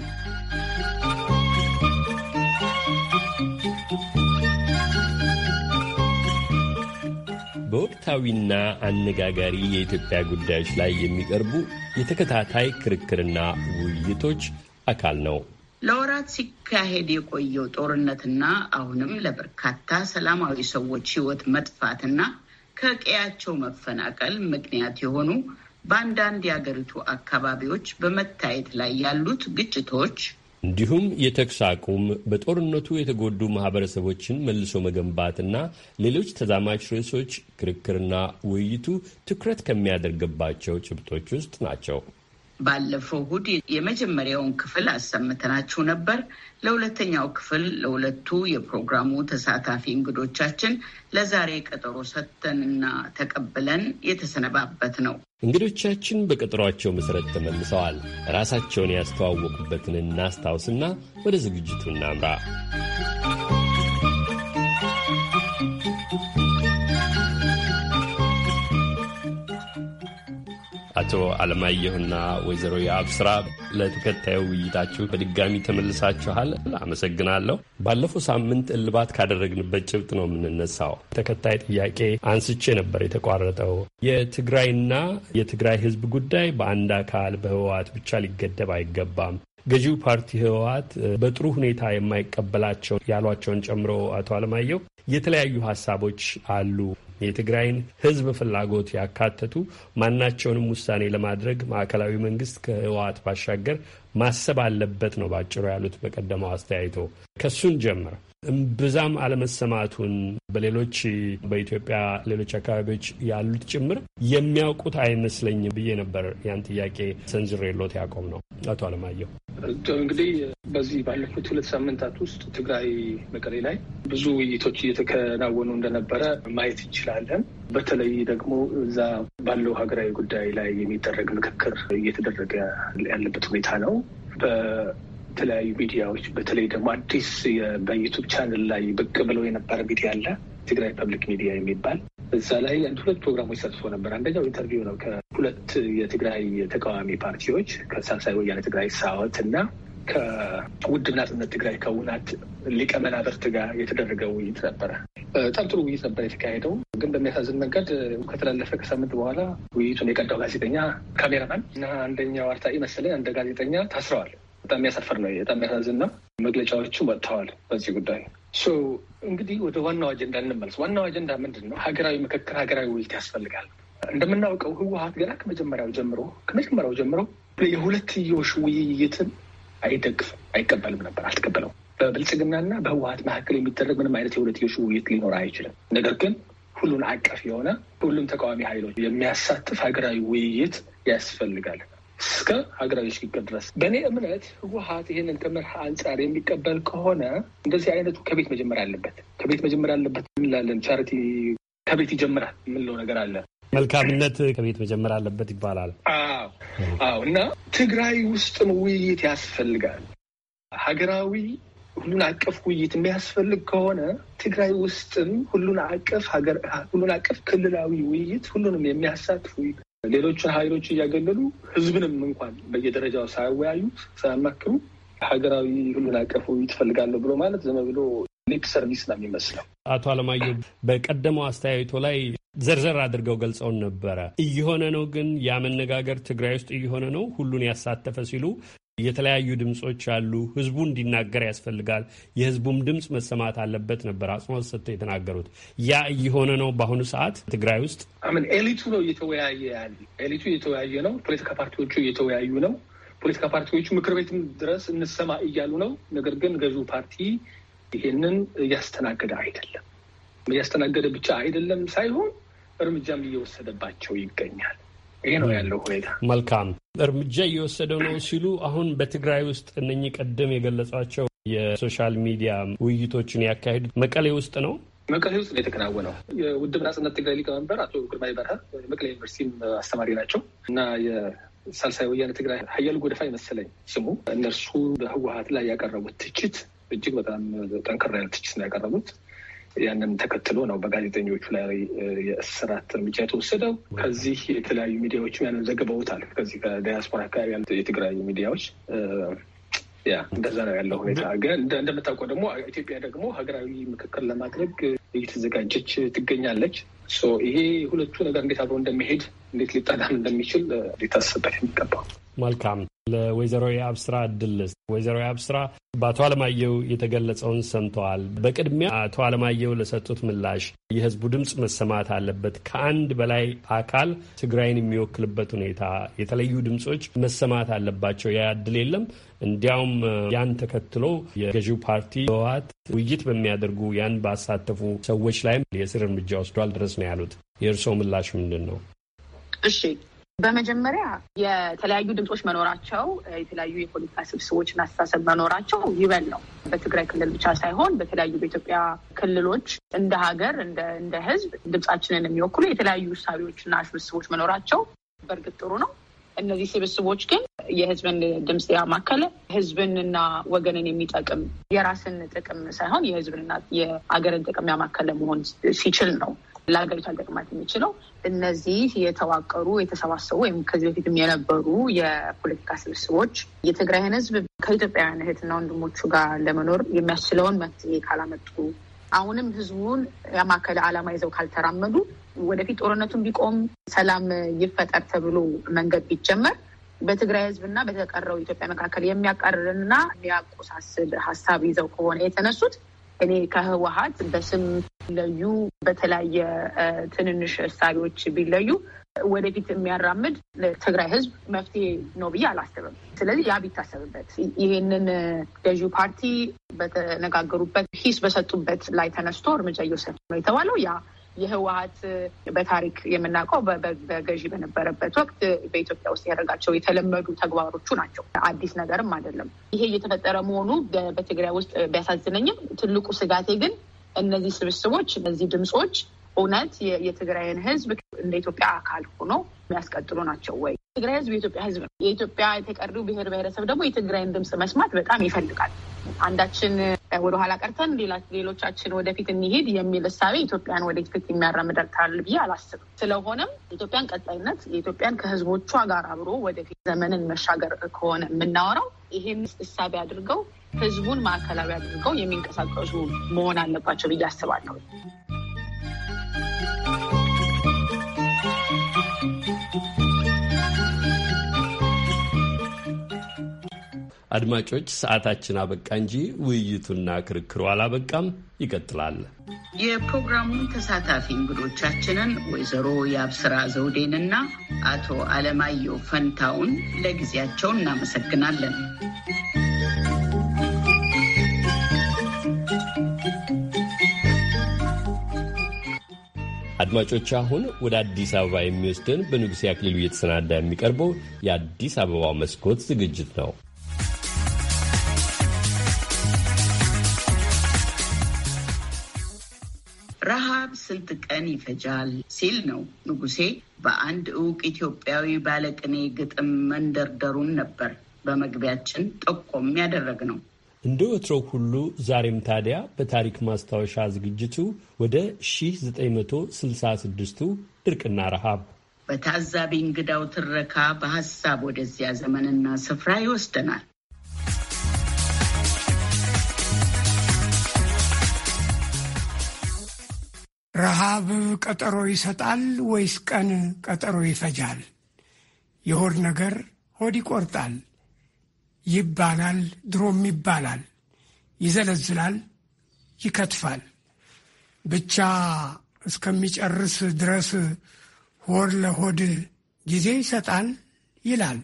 በወቅታዊና አነጋጋሪ የኢትዮጵያ ጉዳዮች ላይ የሚቀርቡ የተከታታይ ክርክርና ውይይቶች አካል ነው። ለወራት ሲካሄድ የቆየው ጦርነትና አሁንም ለበርካታ ሰላማዊ ሰዎች ሕይወት መጥፋትና ከቀያቸው መፈናቀል ምክንያት የሆኑ በአንዳንድ የአገሪቱ አካባቢዎች በመታየት ላይ ያሉት ግጭቶች እንዲሁም የተኩስ አቁም በጦርነቱ የተጎዱ ማህበረሰቦችን መልሶ መገንባትና ሌሎች ተዛማች ርዕሶች ክርክርና ውይይቱ ትኩረት ከሚያደርግባቸው ጭብጦች ውስጥ ናቸው። ባለፈው እሁድ የመጀመሪያውን ክፍል አሰምተናችሁ ነበር። ለሁለተኛው ክፍል ለሁለቱ የፕሮግራሙ ተሳታፊ እንግዶቻችን ለዛሬ ቀጠሮ ሰጥተንና ተቀብለን የተሰነባበት ነው። እንግዶቻችን በቀጠሯቸው መሠረት ተመልሰዋል። ራሳቸውን ያስተዋወቁበትን እናስታውስና ወደ ዝግጅቱ እናምራ። አቶ አለማየሁና ወይዘሮ የአብስራ ለተከታዩ ውይይታችሁ በድጋሚ ተመልሳችኋል። አመሰግናለሁ። ባለፈው ሳምንት እልባት ካደረግንበት ጭብጥ ነው የምንነሳው። ተከታይ ጥያቄ አንስቼ ነበር የተቋረጠው። የትግራይና የትግራይ ህዝብ ጉዳይ በአንድ አካል በህወሓት ብቻ ሊገደብ አይገባም። ገዢው ፓርቲ ህወሓት በጥሩ ሁኔታ የማይቀበላቸው ያሏቸውን ጨምሮ አቶ አለማየሁ የተለያዩ ሀሳቦች አሉ። የትግራይን ህዝብ ፍላጎት ያካተቱ ማናቸውንም ውሳኔ ለማድረግ ማዕከላዊ መንግስት ከህወሓት ባሻገር ማሰብ አለበት ነው ባጭሩ ያሉት በቀደመው አስተያየቶ። ከሱን ጀምር እምብዛም አለመሰማቱን በሌሎች በኢትዮጵያ ሌሎች አካባቢዎች ያሉት ጭምር የሚያውቁት አይመስለኝም ብዬ ነበር ያን ጥያቄ ሰንዝሬሎት ያቆም ነው። አቶ አለማየሁ እንግዲህ በዚህ ባለፉት ሁለት ሳምንታት ውስጥ ትግራይ መቀሌ ላይ ብዙ ውይይቶች እየተከናወኑ እንደነበረ ማየት እንችላለን። በተለይ ደግሞ እዛ ባለው ሀገራዊ ጉዳይ ላይ የሚደረግ ምክክር እየተደረገ ያለበት ሁኔታ ነው። የተለያዩ ሚዲያዎች በተለይ ደግሞ አዲስ በዩቱብ ቻንል ላይ ብቅ ብለው የነበረ ሚዲያ አለ፣ ትግራይ ፐብሊክ ሚዲያ የሚባል እዛ ላይ አንድ ሁለት ፕሮግራሞች ተሳትፎ ነበር። አንደኛው ኢንተርቪው ነው ከሁለት የትግራይ ተቃዋሚ ፓርቲዎች ከሳልሳይ ወያነ ትግራይ ሳወት እና ከውድብ ናጽነት ትግራይ ከውናት ሊቀመናብርት ጋር የተደረገ ውይይት ነበረ። በጣም ጥሩ ውይይት ነበር የተካሄደው። ግን በሚያሳዝን መንገድ ከተላለፈ ከሳምንት በኋላ ውይይቱን የቀዳው ጋዜጠኛ ካሜራማን እና አንደኛው አርታኢ መሰለኝ አንድ ጋዜጠኛ ታስረዋል። በጣም የሚያሳፍር ነው። በጣም የሚያሳዝን ነው። መግለጫዎቹ ወጥተዋል በዚህ ጉዳይ። እንግዲህ ወደ ዋናው አጀንዳ እንመልስ። ዋናው አጀንዳ ምንድን ነው? ሀገራዊ ምክክር፣ ሀገራዊ ውይይት ያስፈልጋል። እንደምናውቀው ህወሀት ገና ከመጀመሪያው ጀምሮ ከመጀመሪያው ጀምሮ የሁለትዮሽ ውይይትን አይደግፍም፣ አይቀበልም ነበር፣ አልተቀበለውም። በብልጽግናና በህወሀት መካከል የሚደረግ ምንም አይነት የሁለትዮሽ ውይይት ሊኖር አይችልም። ነገር ግን ሁሉን አቀፍ የሆነ ሁሉም ተቃዋሚ ኃይሎች የሚያሳትፍ ሀገራዊ ውይይት ያስፈልጋል። እስከ ሀገራዊ ሽግግር ድረስ። በእኔ እምነት ህወሀት ይህንን ትምህርት አንጻር የሚቀበል ከሆነ እንደዚህ አይነቱ ከቤት መጀመር አለበት። ከቤት መጀመር አለበት እንላለን። ቻሪቲ ከቤት ይጀምራል የምንለው ነገር አለ። መልካምነት ከቤት መጀመር አለበት ይባላል። አዎ አዎ። እና ትግራይ ውስጥም ውይይት ያስፈልጋል። ሀገራዊ ሁሉን አቀፍ ውይይት የሚያስፈልግ ከሆነ ትግራይ ውስጥም ሁሉን አቀፍ ሁሉን አቀፍ ክልላዊ ውይይት ሁሉንም የሚያሳትፍ ሌሎችን ሀይሎች እያገለሉ ህዝብንም እንኳን በየደረጃው ሳያወያዩ ሳያማክሩ ሀገራዊ ሁሉን አቀፉ ይትፈልጋለሁ ብሎ ማለት ዘመ ብሎ ሊፕ ሰርቪስ ነው የሚመስለው። አቶ አለማየሁ በቀደመው አስተያየቶ ላይ ዘርዘር አድርገው ገልጸውን ነበረ። እየሆነ ነው ግን ያ መነጋገር ትግራይ ውስጥ እየሆነ ነው ሁሉን ያሳተፈ ሲሉ የተለያዩ ድምፆች አሉ። ህዝቡ እንዲናገር ያስፈልጋል። የህዝቡም ድምፅ መሰማት አለበት ነበር አጽንኦት ሰጥተው የተናገሩት። ያ እየሆነ ነው በአሁኑ ሰዓት ትግራይ ውስጥ አምን ኤሊቱ ነው እየተወያየ ያለ ኤሊቱ እየተወያየ ነው። ፖለቲካ ፓርቲዎቹ እየተወያዩ ነው። ፖለቲካ ፓርቲዎቹ ምክር ቤትም ድረስ እንሰማ እያሉ ነው። ነገር ግን ገዢው ፓርቲ ይሄንን እያስተናገደ አይደለም። እያስተናገደ ብቻ አይደለም ሳይሆን እርምጃም እየወሰደባቸው ይገኛል። ይህ ነው ያለው ሁኔታ። መልካም እርምጃ እየወሰደ ነው ሲሉ አሁን በትግራይ ውስጥ እነኚህ ቀደም የገለጿቸው የሶሻል ሚዲያ ውይይቶችን ያካሄዱት መቀሌ ውስጥ ነው መቀሌ ውስጥ ነው የተከናወነው። የውድብ ናጽነት ትግራይ ሊቀመንበር አቶ ግርማይ በርሀ መቀሌ ዩኒቨርሲቲም አስተማሪ ናቸው እና የሳልሳይ ወያነ ትግራይ ሀያል ጎደፋ ይመስለኝ ስሙ። እነርሱ በህወሀት ላይ ያቀረቡት ትችት እጅግ በጣም ጠንከራ ያለ ትችት ነው ያቀረቡት። ያንን ተከትሎ ነው በጋዜጠኞቹ ላይ የእስራት እርምጃ የተወሰደው። ከዚህ የተለያዩ ሚዲያዎችም ያንን ዘግበውታል። ከዚህ ከዲያስፖራ አካባቢ ያሉ የትግራይ ሚዲያዎች ያ እንደዛ ነው ያለው ሁኔታ። ግን እንደምታውቀው ደግሞ ኢትዮጵያ ደግሞ ሀገራዊ ምክክር ለማድረግ እየተዘጋጀች ትገኛለች። ይሄ ሁለቱ ነገር እንዴት አብሮ እንደሚሄድ እንዴት ሊጣዳም እንደሚችል ሊታሰበት የሚገባው። መልካም ለወይዘሮ የአብስራ ድልስ ወይዘሮ የአብስራ በአቶ አለማየሁ የተገለጸውን ሰምተዋል። በቅድሚያ አቶ አለማየሁ ለሰጡት ምላሽ የህዝቡ ድምፅ መሰማት አለበት፣ ከአንድ በላይ አካል ትግራይን የሚወክልበት ሁኔታ የተለዩ ድምፆች መሰማት አለባቸው፣ ያ እድል የለም። እንዲያውም ያን ተከትሎ የገዢው ፓርቲ ህወሓት ውይይት በሚያደርጉ ያን ባሳተፉ ሰዎች ላይም የስር እርምጃ ወስዷል ድረስ ነው ያሉት። የእርስዎ ምላሽ ምንድን ነው? እሺ በመጀመሪያ የተለያዩ ድምፆች መኖራቸው የተለያዩ የፖለቲካ ስብስቦች እና አስተሳሰብ መኖራቸው ይበል ነው። በትግራይ ክልል ብቻ ሳይሆን በተለያዩ በኢትዮጵያ ክልሎች እንደ ሀገር እንደ ሕዝብ ድምፃችንን የሚወክሉ የተለያዩ እሳቤዎችና ስብስቦች መኖራቸው በእርግጥ ጥሩ ነው። እነዚህ ስብስቦች ግን የህዝብን ድምፅ ያማከለ ህዝብንና ወገንን የሚጠቅም የራስን ጥቅም ሳይሆን የህዝብንና የሀገርን ጥቅም ያማከለ መሆን ሲችል ነው ለሀገሪቷ አልጠቅማት የሚችለው እነዚህ የተዋቀሩ የተሰባሰቡ ወይም ከዚህ በፊትም የነበሩ የፖለቲካ ስብስቦች የትግራይን ህዝብ ከኢትዮጵያውያን እህትና ወንድሞቹ ጋር ለመኖር የሚያስችለውን መፍትሄ ካላመጡ አሁንም ህዝቡን ያማከለ ዓላማ ይዘው ካልተራመዱ ወደፊት ጦርነቱን ቢቆም ሰላም ይፈጠር ተብሎ መንገድ ቢጀመር በትግራይ ህዝብና በተቀረው ኢትዮጵያ መካከል የሚያቃርርንና የሚያቆሳስብ ሀሳብ ይዘው ከሆነ የተነሱት እኔ ከህወሀት በስም ቢለዩ በተለያየ ትንንሽ እሳቤዎች ቢለዩ ወደፊት የሚያራምድ ለትግራይ ህዝብ መፍትሄ ነው ብዬ አላስብም። ስለዚህ ያ ቢታሰብበት፣ ይህንን ገዢው ፓርቲ በተነጋገሩበት ሂስ በሰጡበት ላይ ተነስቶ እርምጃ እየወሰድ ነው የተባለው ያ የህወሀት በታሪክ የምናውቀው በገዢ በነበረበት ወቅት በኢትዮጵያ ውስጥ ያደረጋቸው የተለመዱ ተግባሮቹ ናቸው። አዲስ ነገርም አይደለም። ይሄ እየተፈጠረ መሆኑ በትግራይ ውስጥ ቢያሳዝነኝም ትልቁ ስጋቴ ግን እነዚህ ስብስቦች እነዚህ ድምፆች እውነት የትግራይን ህዝብ እንደ ኢትዮጵያ አካል ሆኖ የሚያስቀጥሉ ናቸው ወይ? የትግራይ ህዝብ የኢትዮጵያ ህዝብ ነው። የኢትዮጵያ የተቀሪው ብሔር ብሔረሰብ ደግሞ የትግራይን ድምፅ መስማት በጣም ይፈልጋል። አንዳችን ወደኋላ ቀርተን ሌሎቻችን ወደፊት እንሄድ የሚል እሳቤ ኢትዮጵያን ወደፊት የሚያራምደርታል ብዬ አላስብም። ስለሆነም የኢትዮጵያን ቀጣይነት የኢትዮጵያን ከህዝቦቿ ጋር አብሮ ወደፊት ዘመንን መሻገር ከሆነ የምናወራው ይህን እሳቤ አድርገው ህዝቡን ማዕከላዊ አድርገው የሚንቀሳቀሱ መሆን አለባቸው ብዬ አስባለሁ። አድማጮች ሰዓታችን አበቃ እንጂ ውይይቱና ክርክሩ አላበቃም፣ ይቀጥላል። የፕሮግራሙን ተሳታፊ እንግዶቻችንን ወይዘሮ የአብስራ ዘውዴንና አቶ አለማየሁ ፈንታውን ለጊዜያቸው እናመሰግናለን። አድማጮች አሁን ወደ አዲስ አበባ የሚወስደን በንጉሴ አክሊሉ እየተሰናዳ የሚቀርበው የአዲስ አበባ መስኮት ዝግጅት ነው። ረሃብ ስንት ቀን ይፈጃል ሲል ነው ንጉሴ በአንድ እውቅ ኢትዮጵያዊ ባለቅኔ ግጥም መንደርደሩን ነበር በመግቢያችን ጠቆም ያደረግ ነው። እንደ ወትሮው ሁሉ ዛሬም ታዲያ በታሪክ ማስታወሻ ዝግጅቱ ወደ 1966ቱ ድርቅና ረሃብ በታዛቢ እንግዳው ትረካ በሀሳብ ወደዚያ ዘመንና ስፍራ ይወስደናል። ረሃብ ቀጠሮ ይሰጣል ወይስ ቀን ቀጠሮ ይፈጃል? የሆድ ነገር ሆድ ይቆርጣል ይባላል፣ ድሮም ይባላል፣ ይዘለዝላል፣ ይከትፋል። ብቻ እስከሚጨርስ ድረስ ሆድ ለሆድ ጊዜ ይሰጣል ይላል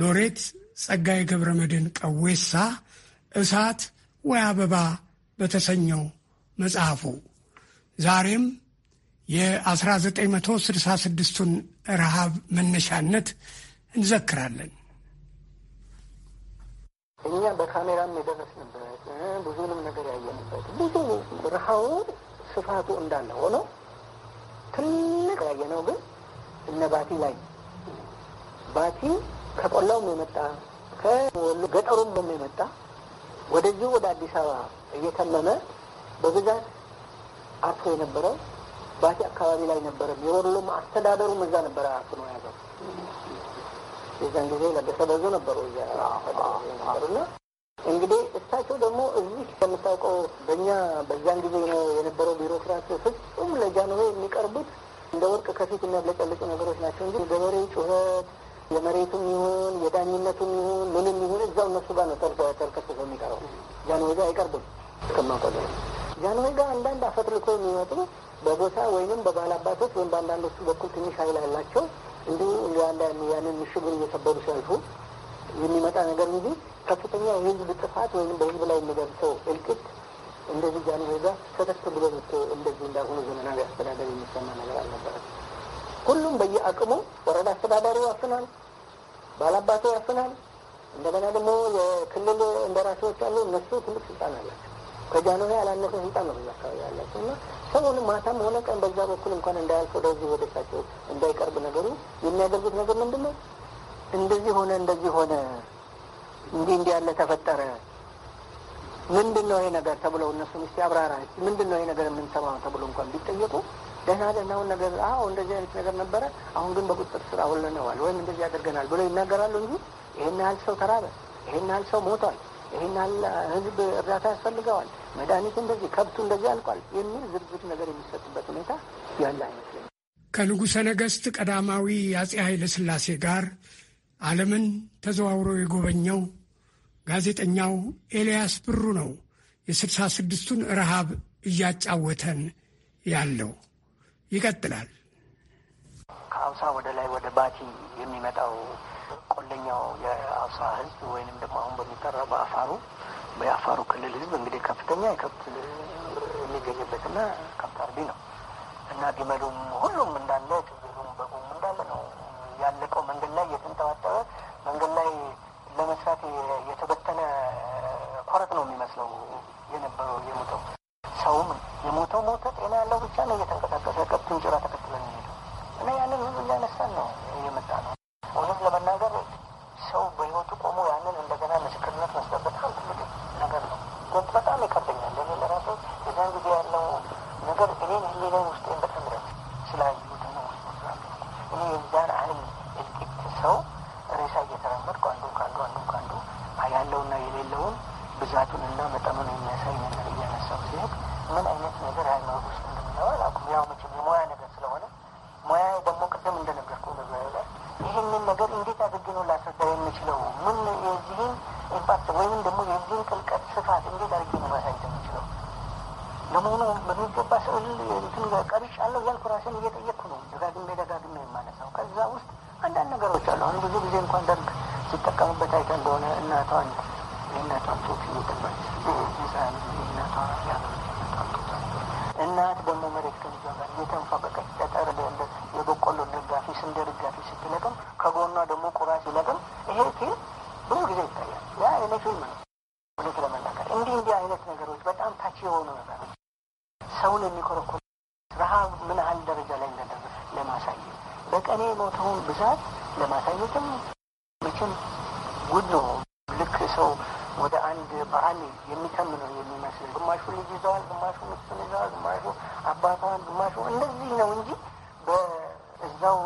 ሎሬት ጸጋዬ ገብረ መድን ቀዌሳ እሳት ወይ አበባ በተሰኘው መጽሐፉ ዛሬም የ1966ቱን ረሃብ መነሻነት እንዘክራለን። እኛ በካሜራም የደረስንበት ብዙንም ነገር ያየንበት ብዙ ረሃውን ስፋቱ እንዳለ ሆኖ ትልቅ ያየነው ግን እነ ባቲ ላይ ባቲ ከቆላውም የመጣ ከወሎ ገጠሩም ደግሞ የመጣ ወደዚሁ ወደ አዲስ አበባ እየተመመ በብዛት አርፎ የነበረው ባቲ አካባቢ ላይ ነበረም። የወሎም አስተዳደሩም እዛ ነበረ አርፎ ነው ያዘው። የዛን ጊዜ ለበሰ በዞ ነበሩ ነበሩና እንግዲህ እሳቸው ደግሞ እዚህ ከምታውቀው በእኛ በዛን ጊዜ የነበረው ቢሮክራሲ ፍጹም ለጃንሆይ የሚቀርቡት እንደ ወርቅ ከፊት የሚያብለጨልጩ ነገሮች ናቸው እንጂ ገበሬ ጩኸት የመሬቱም ይሁን የዳኝነቱም ይሁን ምንም ይሁን እዛው እነሱ ጋር ነው ተርከስ የሚቀረው። ጃንሆይ ጋር አይቀርብም እስከማውቀው ድረስ። ጃንሆይ ጋር አንዳንድ አፈትልኮ የሚመጡ በጎሳ ወይንም በባላባቶች ወይም በአንዳንዶቹ በኩል ትንሽ ኃይል ያላቸው እንዲህ ያለን ያንን ምሽጉን እየከበዱ ሲያልፉ የሚመጣ ነገር እንጂ ከፍተኛ የህዝብ ጥፋት ወይም በህዝብ ላይ የሚደርሰው እልቂት እንደዚህ ጃኒ ዛ ሰተት ብሎ መጥቶ እንደዚህ እንዳሁኑ ዘመናዊ አስተዳደር የሚሰማ ነገር አልነበረም። ሁሉም በየአቅሙ ወረዳ አስተዳዳሪው ያፍናል፣ ባላባቱ ያፍናል። እንደገና ደግሞ የክልል እንደራሴዎች አሉ። እነሱ ትልቅ ስልጣን አላቸው። ከጃኖ ያላነሰ ህንጻ ነው እዛ አካባቢ ያላቸው እና ሰውን ማታም ሆነ ቀን በዛ በኩል እንኳን እንዳያልፍ ወደዚህ ወደሳቸው እንዳይቀርብ ነገሩ የሚያደርጉት ነገር ምንድን ነው? እንደዚህ ሆነ፣ እንደዚህ ሆነ፣ እንዲህ እንዲህ ያለ ተፈጠረ፣ ምንድን ነው ይሄ ነገር ተብለው እነሱ ስ አብራራ፣ ምንድን ነው ይሄ ነገር የምንሰማው ተብሎ እንኳን ቢጠየቁ ደህና ደህናውን ነገር አዎ፣ እንደዚህ አይነት ነገር ነበረ፣ አሁን ግን በቁጥጥር ስር አውለነዋል ወይም እንደዚህ ያደርገናል ብሎ ይናገራሉ እንጂ ይህን ያህል ሰው ተራበ፣ ይህን ያህል ሰው ሞቷል ይህናልና ህዝብ እርዳታ ያስፈልገዋል፣ መድኃኒት እንደዚህ፣ ከብቱ እንደዚህ አልቋል የሚል ዝርዝር ነገር የሚሰጥበት ሁኔታ ያለ አይመስለኝ። ከንጉሠ ነገሥት ቀዳማዊ አጼ ኃይለ ሥላሴ ጋር ዓለምን ተዘዋውሮ የጎበኘው ጋዜጠኛው ኤልያስ ብሩ ነው የስልሳ ስድስቱን ረሃብ እያጫወተን ያለው ይቀጥላል። ከአውሳ ወደ ላይ ወደ ባቲ የሚመጣው ቆለኛው የአሳ ህዝብ ወይንም ደግሞ አሁን በሚጠራው በአፋሩ በአፋሩ ክልል ህዝብ እንግዲህ ከፍተኛ የከብት የሚገኝበትና ከብት አርቢ ነው እና ግመሉም ሁሉም እንዳለ ፍየሉም በጉም እንዳለ ነው ያለቀው መንገድ ያህል ደረጃ ላይ እንደደረሰ ለማሳየት በቀኔ የሞተውን ብዛት ለማሳየትም መቼም ጉድ ነው። ልክ ሰው ወደ አንድ በአል የሚተምነው የሚመስል ግማሹ ልጅ ይዘዋል፣ ግማሹ ሚስቱን ይዘዋል፣ ግማሹ አባቷን፣ ግማሹ እንደዚህ ነው እንጂ በእዛው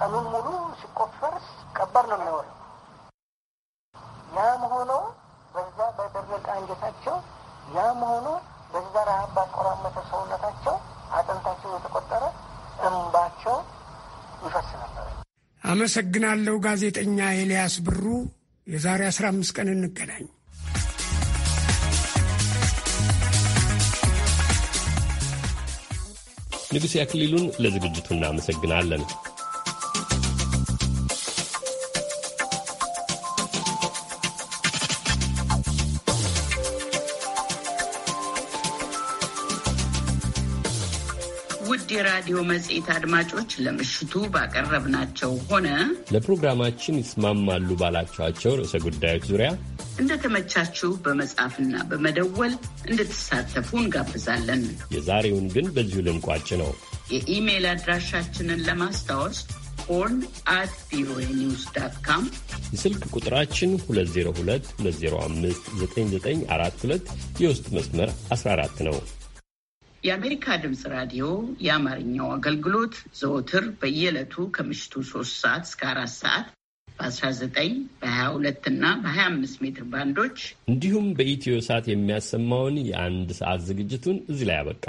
ቀኑን ሙሉ ሲቆፈር ሲቀበር ነው የሚኖረው። ያም ሆኖ በዛ በደረቀ አንጀታቸው፣ ያም ሆኖ በዛ ረሀብ ባቆራመተ ሰውነታቸው አጥንታቸው የተቆጠረ እንባቸው ይፈስ ነበር። አመሰግናለሁ ጋዜጠኛ ኤልያስ ብሩ። የዛሬ 15 ቀን እንገናኝ። ንጉሥ ያክሊሉን ለዝግጅቱ እናመሰግናለን። የራዲዮ መጽሔት አድማጮች ለምሽቱ ባቀረብናቸው ሆነ ለፕሮግራማችን ይስማማሉ ባላችኋቸው ርዕሰ ጉዳዮች ዙሪያ እንደተመቻችሁ በመጻፍና በመደወል እንድትሳተፉ እንጋብዛለን። የዛሬውን ግን በዚሁ ልንቋጭ ነው። የኢሜይል አድራሻችንን ለማስታወስ ሆርን አት ቪኦኤ ኒውስ ዳት ካም። የስልክ ቁጥራችን 2022059942 የውስጥ መስመር 14 ነው። የአሜሪካ ድምፅ ራዲዮ የአማርኛው አገልግሎት ዘወትር በየዕለቱ ከምሽቱ ሶስት ሰዓት እስከ አራት ሰዓት በ19 በ22 እና በ25 ሜትር ባንዶች እንዲሁም በኢትዮ ሰዓት የሚያሰማውን የአንድ ሰዓት ዝግጅቱን እዚህ ላይ አበቃ።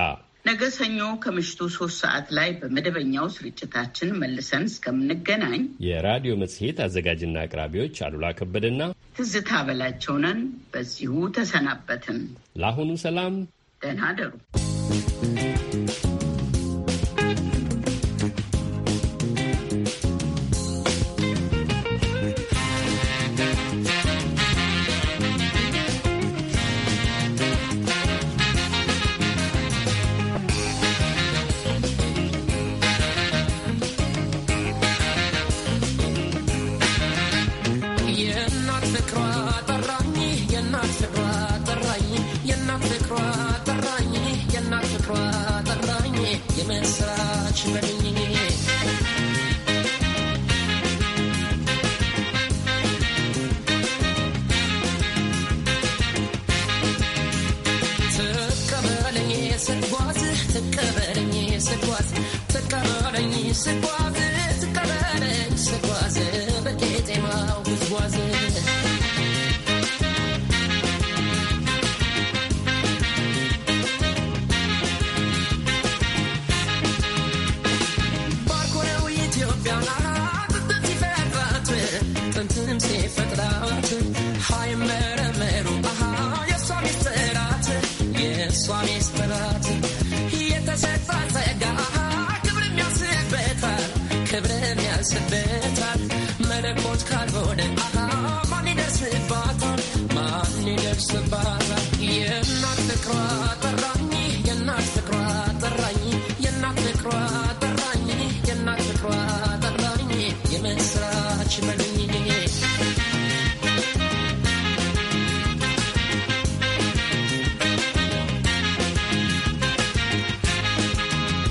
ነገ ሰኞ ከምሽቱ ሶስት ሰዓት ላይ በመደበኛው ስርጭታችን መልሰን እስከምንገናኝ የራዲዮ መጽሔት አዘጋጅና አቅራቢዎች አሉላ ከበደና ትዝታ በላቸውነን በዚሁ ተሰናበትን። ለአሁኑ ሰላም፣ ደህና አደሩ። Thank you.